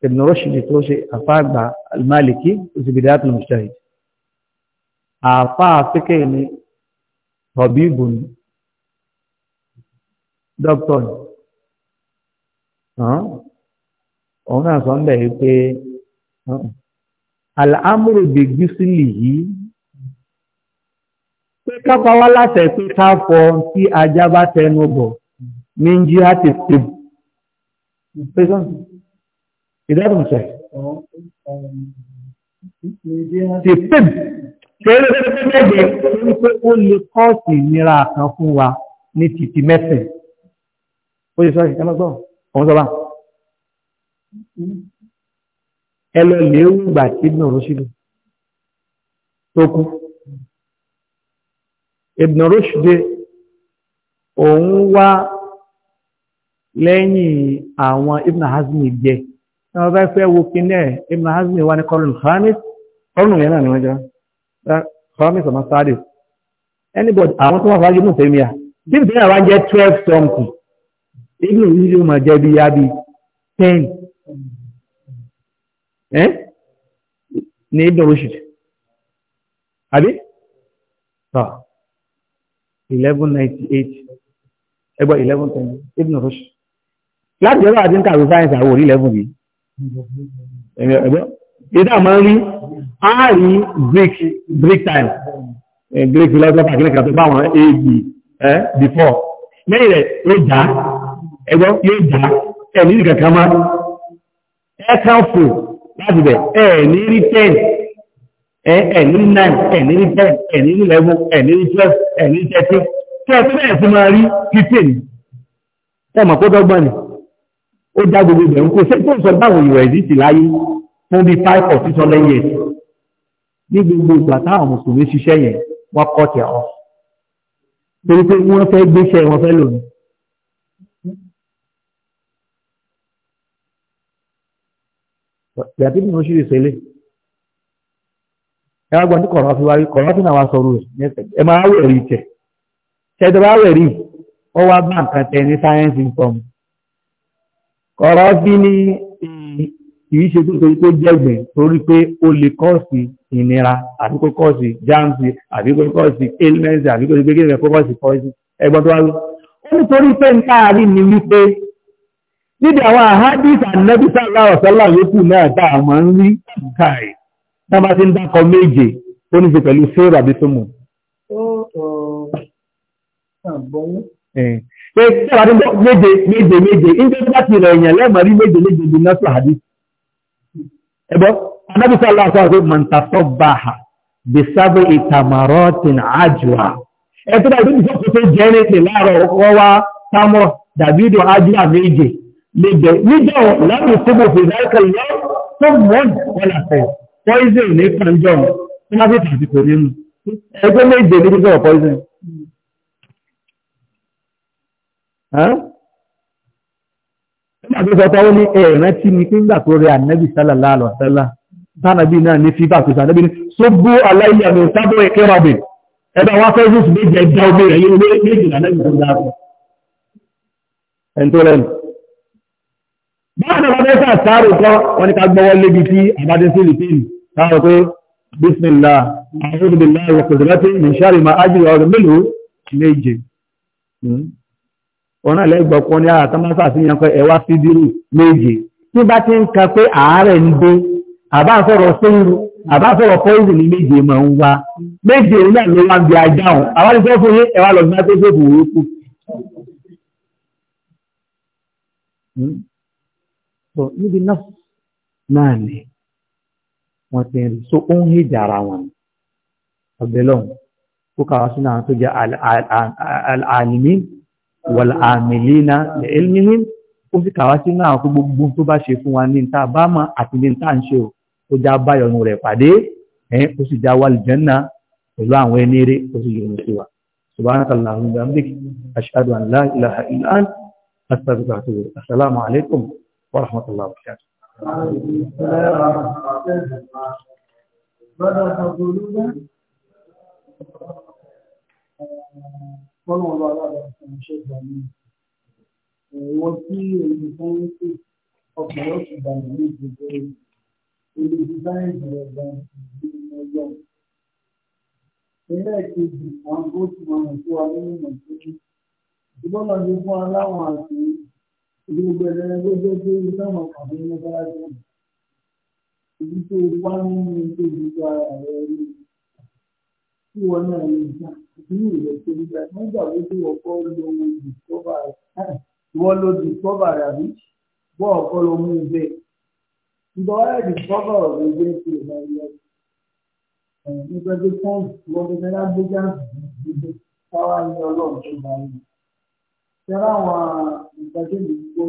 ibn rushd tó ṣe àfáàgbà almaliki òsìbìdáàtì mustahid àfáà fíkẹ́ ni tọ̀bíbù ni dókítọ̀ ni òun náà sọ ń bẹ̀ wípé al'amuru bi gísìlì yìí pé kápá wá láṣẹ pé ká fọ tí ajá bá tẹnu bọ̀ ní jíhátì tèbù prison is that what say ṣe pín kéré pẹ́pẹ́gbẹ́ wípé ó lè kọ́ọ̀sì ìnira kan fún wa ní títí mẹ́sìn ó lè sọ́ọ̀sì ẹmọ́gbọ́n ọ̀hún sọ́bà ẹ lọ léwu ìgbà tí Ibn Rushd tó kú Ibn Rushd òun wá lẹ́yìn àwọn ibn hazmi jẹ́ wọ́n bá fẹ́ wo kí náà ibn hazmi wá ní kọlùn khamis kọlùn yẹn náà ni wọ́n jẹ́ khamis ọmọ sáré anybody àwọn tó wọ́n fàájú ibn tèmíà bíbí tí náà wá jẹ́ 12 something ibn yìí yóò máa jẹ́ bí yá bí ten ní ibn rushd àbí 1198 ninety eight ẹgbẹ́ eleven twenty ibn rushd láti ọlọ́ àti ń kàwé sáyẹ̀nsì àwọn orí lẹ́fún yìí ìdá máa ń rí ààrí greek greek time greek philosopher greek àti bá wọn ag before lẹ́yìn rẹ̀ yóò já ẹgbọ́ yóò já ẹ̀ ní ìkẹ̀kẹ́ máa ẹ̀ kan fò láti bẹ̀ ẹ̀ ní rí ten ẹ̀ ní rí nine ẹ̀ ní rí ten ẹ̀ ní rí eleven ẹ̀ ní rí twelve ẹ̀ ní rí thirteen kí ẹ tó bẹ̀rẹ̀ sí máa rí fifteen ẹ̀ mọ̀ kó dọ́gbọ́n ni ó dá gbogbo ìbẹ̀rù kó ṣe tó ń sọ báwọn ìwẹ̀ ìdí sí láyé fún bí five or six hundred years ní gbogbo ìgbà táwọn mùsùlùmí ṣiṣẹ́ yẹn wọ́n kọ́ tẹ̀ ọ́ torí pé wọ́n fẹ́ gbéṣẹ́ wọn fẹ́ lò ní. yàtí nínú ṣírí ìṣẹ̀lẹ̀ ẹ wá gbọ́n tí kọ̀ọ̀rọ̀ fi wáyé kọ̀ọ̀rọ̀ tí náà wá sọ̀rọ̀ rẹ̀ ẹ máa wẹ̀rí tẹ̀ ṣẹ̀dọ̀ wá wẹ̀rí ọ wá bá nǹkan tẹ ní sáyẹ́ǹsì fọ́ọ̀mù ọ̀rọ̀ bí ní hmm. kìí ṣe tó torí pé jẹ́gbẹ̀ torí pé ó lè kọ́ọ̀sì ìnira àbí kó kọ́ọ̀sì jáǹsì àbí kó kọ́ọ̀sì ailments àbí kó gbé gẹ́gẹ́ kó kọ́ọ̀sì kọ́ọ̀sì ẹgbọ́n tó wá lọ. ó ní torí pé nǹkan àárín ni wípé níbi àwọn ahadith anabi sallallahu alaihi wasallam yòókù náà tá a máa ń rí nǹkan ẹ̀ tá a bá ti ń dákọ méje tó ní ṣe pẹ̀lú sèrè àbí tó mọ̀. ẹ̀ẹ́dẹ́gbẹ̀rún méje méje méje nígbà tí rẹ̀ èèyàn lẹ́mọ̀rí méje méje bí náà sàádì ẹ̀bọ́ anábìsọ aláàfáà pé mọ̀ntàfọ́ báhà bí sábẹ́ ìtàmàrọ́tìn àjùwà ẹ̀tọ́ náà ìdí ìfọ́kù tó jẹ́ ní ìpè láàárọ̀ wọ́wá támọ̀ dàbídò àjùwà méje lébẹ̀ níjọ́ láàrín síbò fìdáìkà lọ tó ní Nígbà tó sọ́tọ́ ó ní ẹ̀rẹ́ tí ni pé ńgbà tó rẹ ànẹ́bì sálàlá àlọ́sẹ́lá, tánàbí náà ní fífà tó sànẹ́bì ní ṣógbó aláìyàmì sábọ̀ ẹ̀kẹ́ rọ̀bìn, ẹ̀bà wá fẹ́ jùsù méjì ẹ̀dá omi rẹ̀ yóò méjì lànẹ́bì tó dáàbò. Ẹn tó lẹ́nu. Báwọn ọmọ mẹ́fà sáàrù kan wọn ni ká gbọ́wọ́ lébi tí àbádé sí lìpínì sáàrù pé bísmìlá, àwọn olùdílá ìwọ̀kùnrin láti ìṣàrìmà ájì ọ̀rọ̀ mélòó méje. Hmm? ọ̀nà lẹ́gbọ̀kọ́ ní ara tánmọ́sà sí yẹn pé ẹwà sídírù méje tí bá ti ń ka pé ààrẹ ń dé àbáfẹ́rọ̀ sóyúrú àbáfẹ́rọ̀ pọ́ìsì ní méje ma ń wá méje náà ló wá ń bi ajá hùn àwọn fún yé ẹwà lọ gbá tó gbé òwe kú. níbi náà ni wọ́n ti rí so ó ń hí jàrá wọn ọ̀bẹ̀ lọ́hùn kó kàwá sínú àwọn tó jẹ́ àlìmí wàl'àmìlínà ilmihim ó fi kàwá sínú àwọn gbogbo tó bá ṣe fún wa ní ta bá mọ̀ àti ní ta ń ṣe ò ó já báyọ̀nù rẹ̀ pàdé ẹ̀ ó sì já wal janna pẹ̀lú àwọn ẹni eré ó sì yọ̀nù sí wa an la ilaha illa anta astaghfiruka wa atubu Thank you kọ́lọ́n ọba aláàbà kan ṣe gbà mí ìwọ tí èyí kan ń pè ọkùnrin ọ̀sùn dànù ní ìdìbò ìlú dísáìnì rẹ̀ gan ìdílé ọjọ́ ìpínlẹ̀ kejì àwọn tó ti máa hàn sí wa nínú nàìjíríà ṣùgbọ́n náà ti fún aláwọn àti gbogbo ẹ̀rẹ́ ló jẹ́ pé iṣẹ́ ọmọ kàfé ní mọ́sálásí ìdí tó wá nínú ìdíje ara rẹ̀ rí kí wọn náà lè gbà ìdílé rẹ̀ tó ń gbà nígbà wo tí wọ́n kọ́ lo discover rẹ̀ wọ́n lo discover rẹ̀ àbí bọ́ọ̀ kọ́ ló mú un bẹ́ẹ̀. ìgbà wọ́n rẹ̀ discover rẹ̀ gbé sí ìlà ilẹ̀ nípa pé fún wọn bẹ mẹ́ta gbéjà gbogbo táwa ní ọlọ́run tó bá yẹn. ṣé láwọn ìgbàjọ́ mi kórè.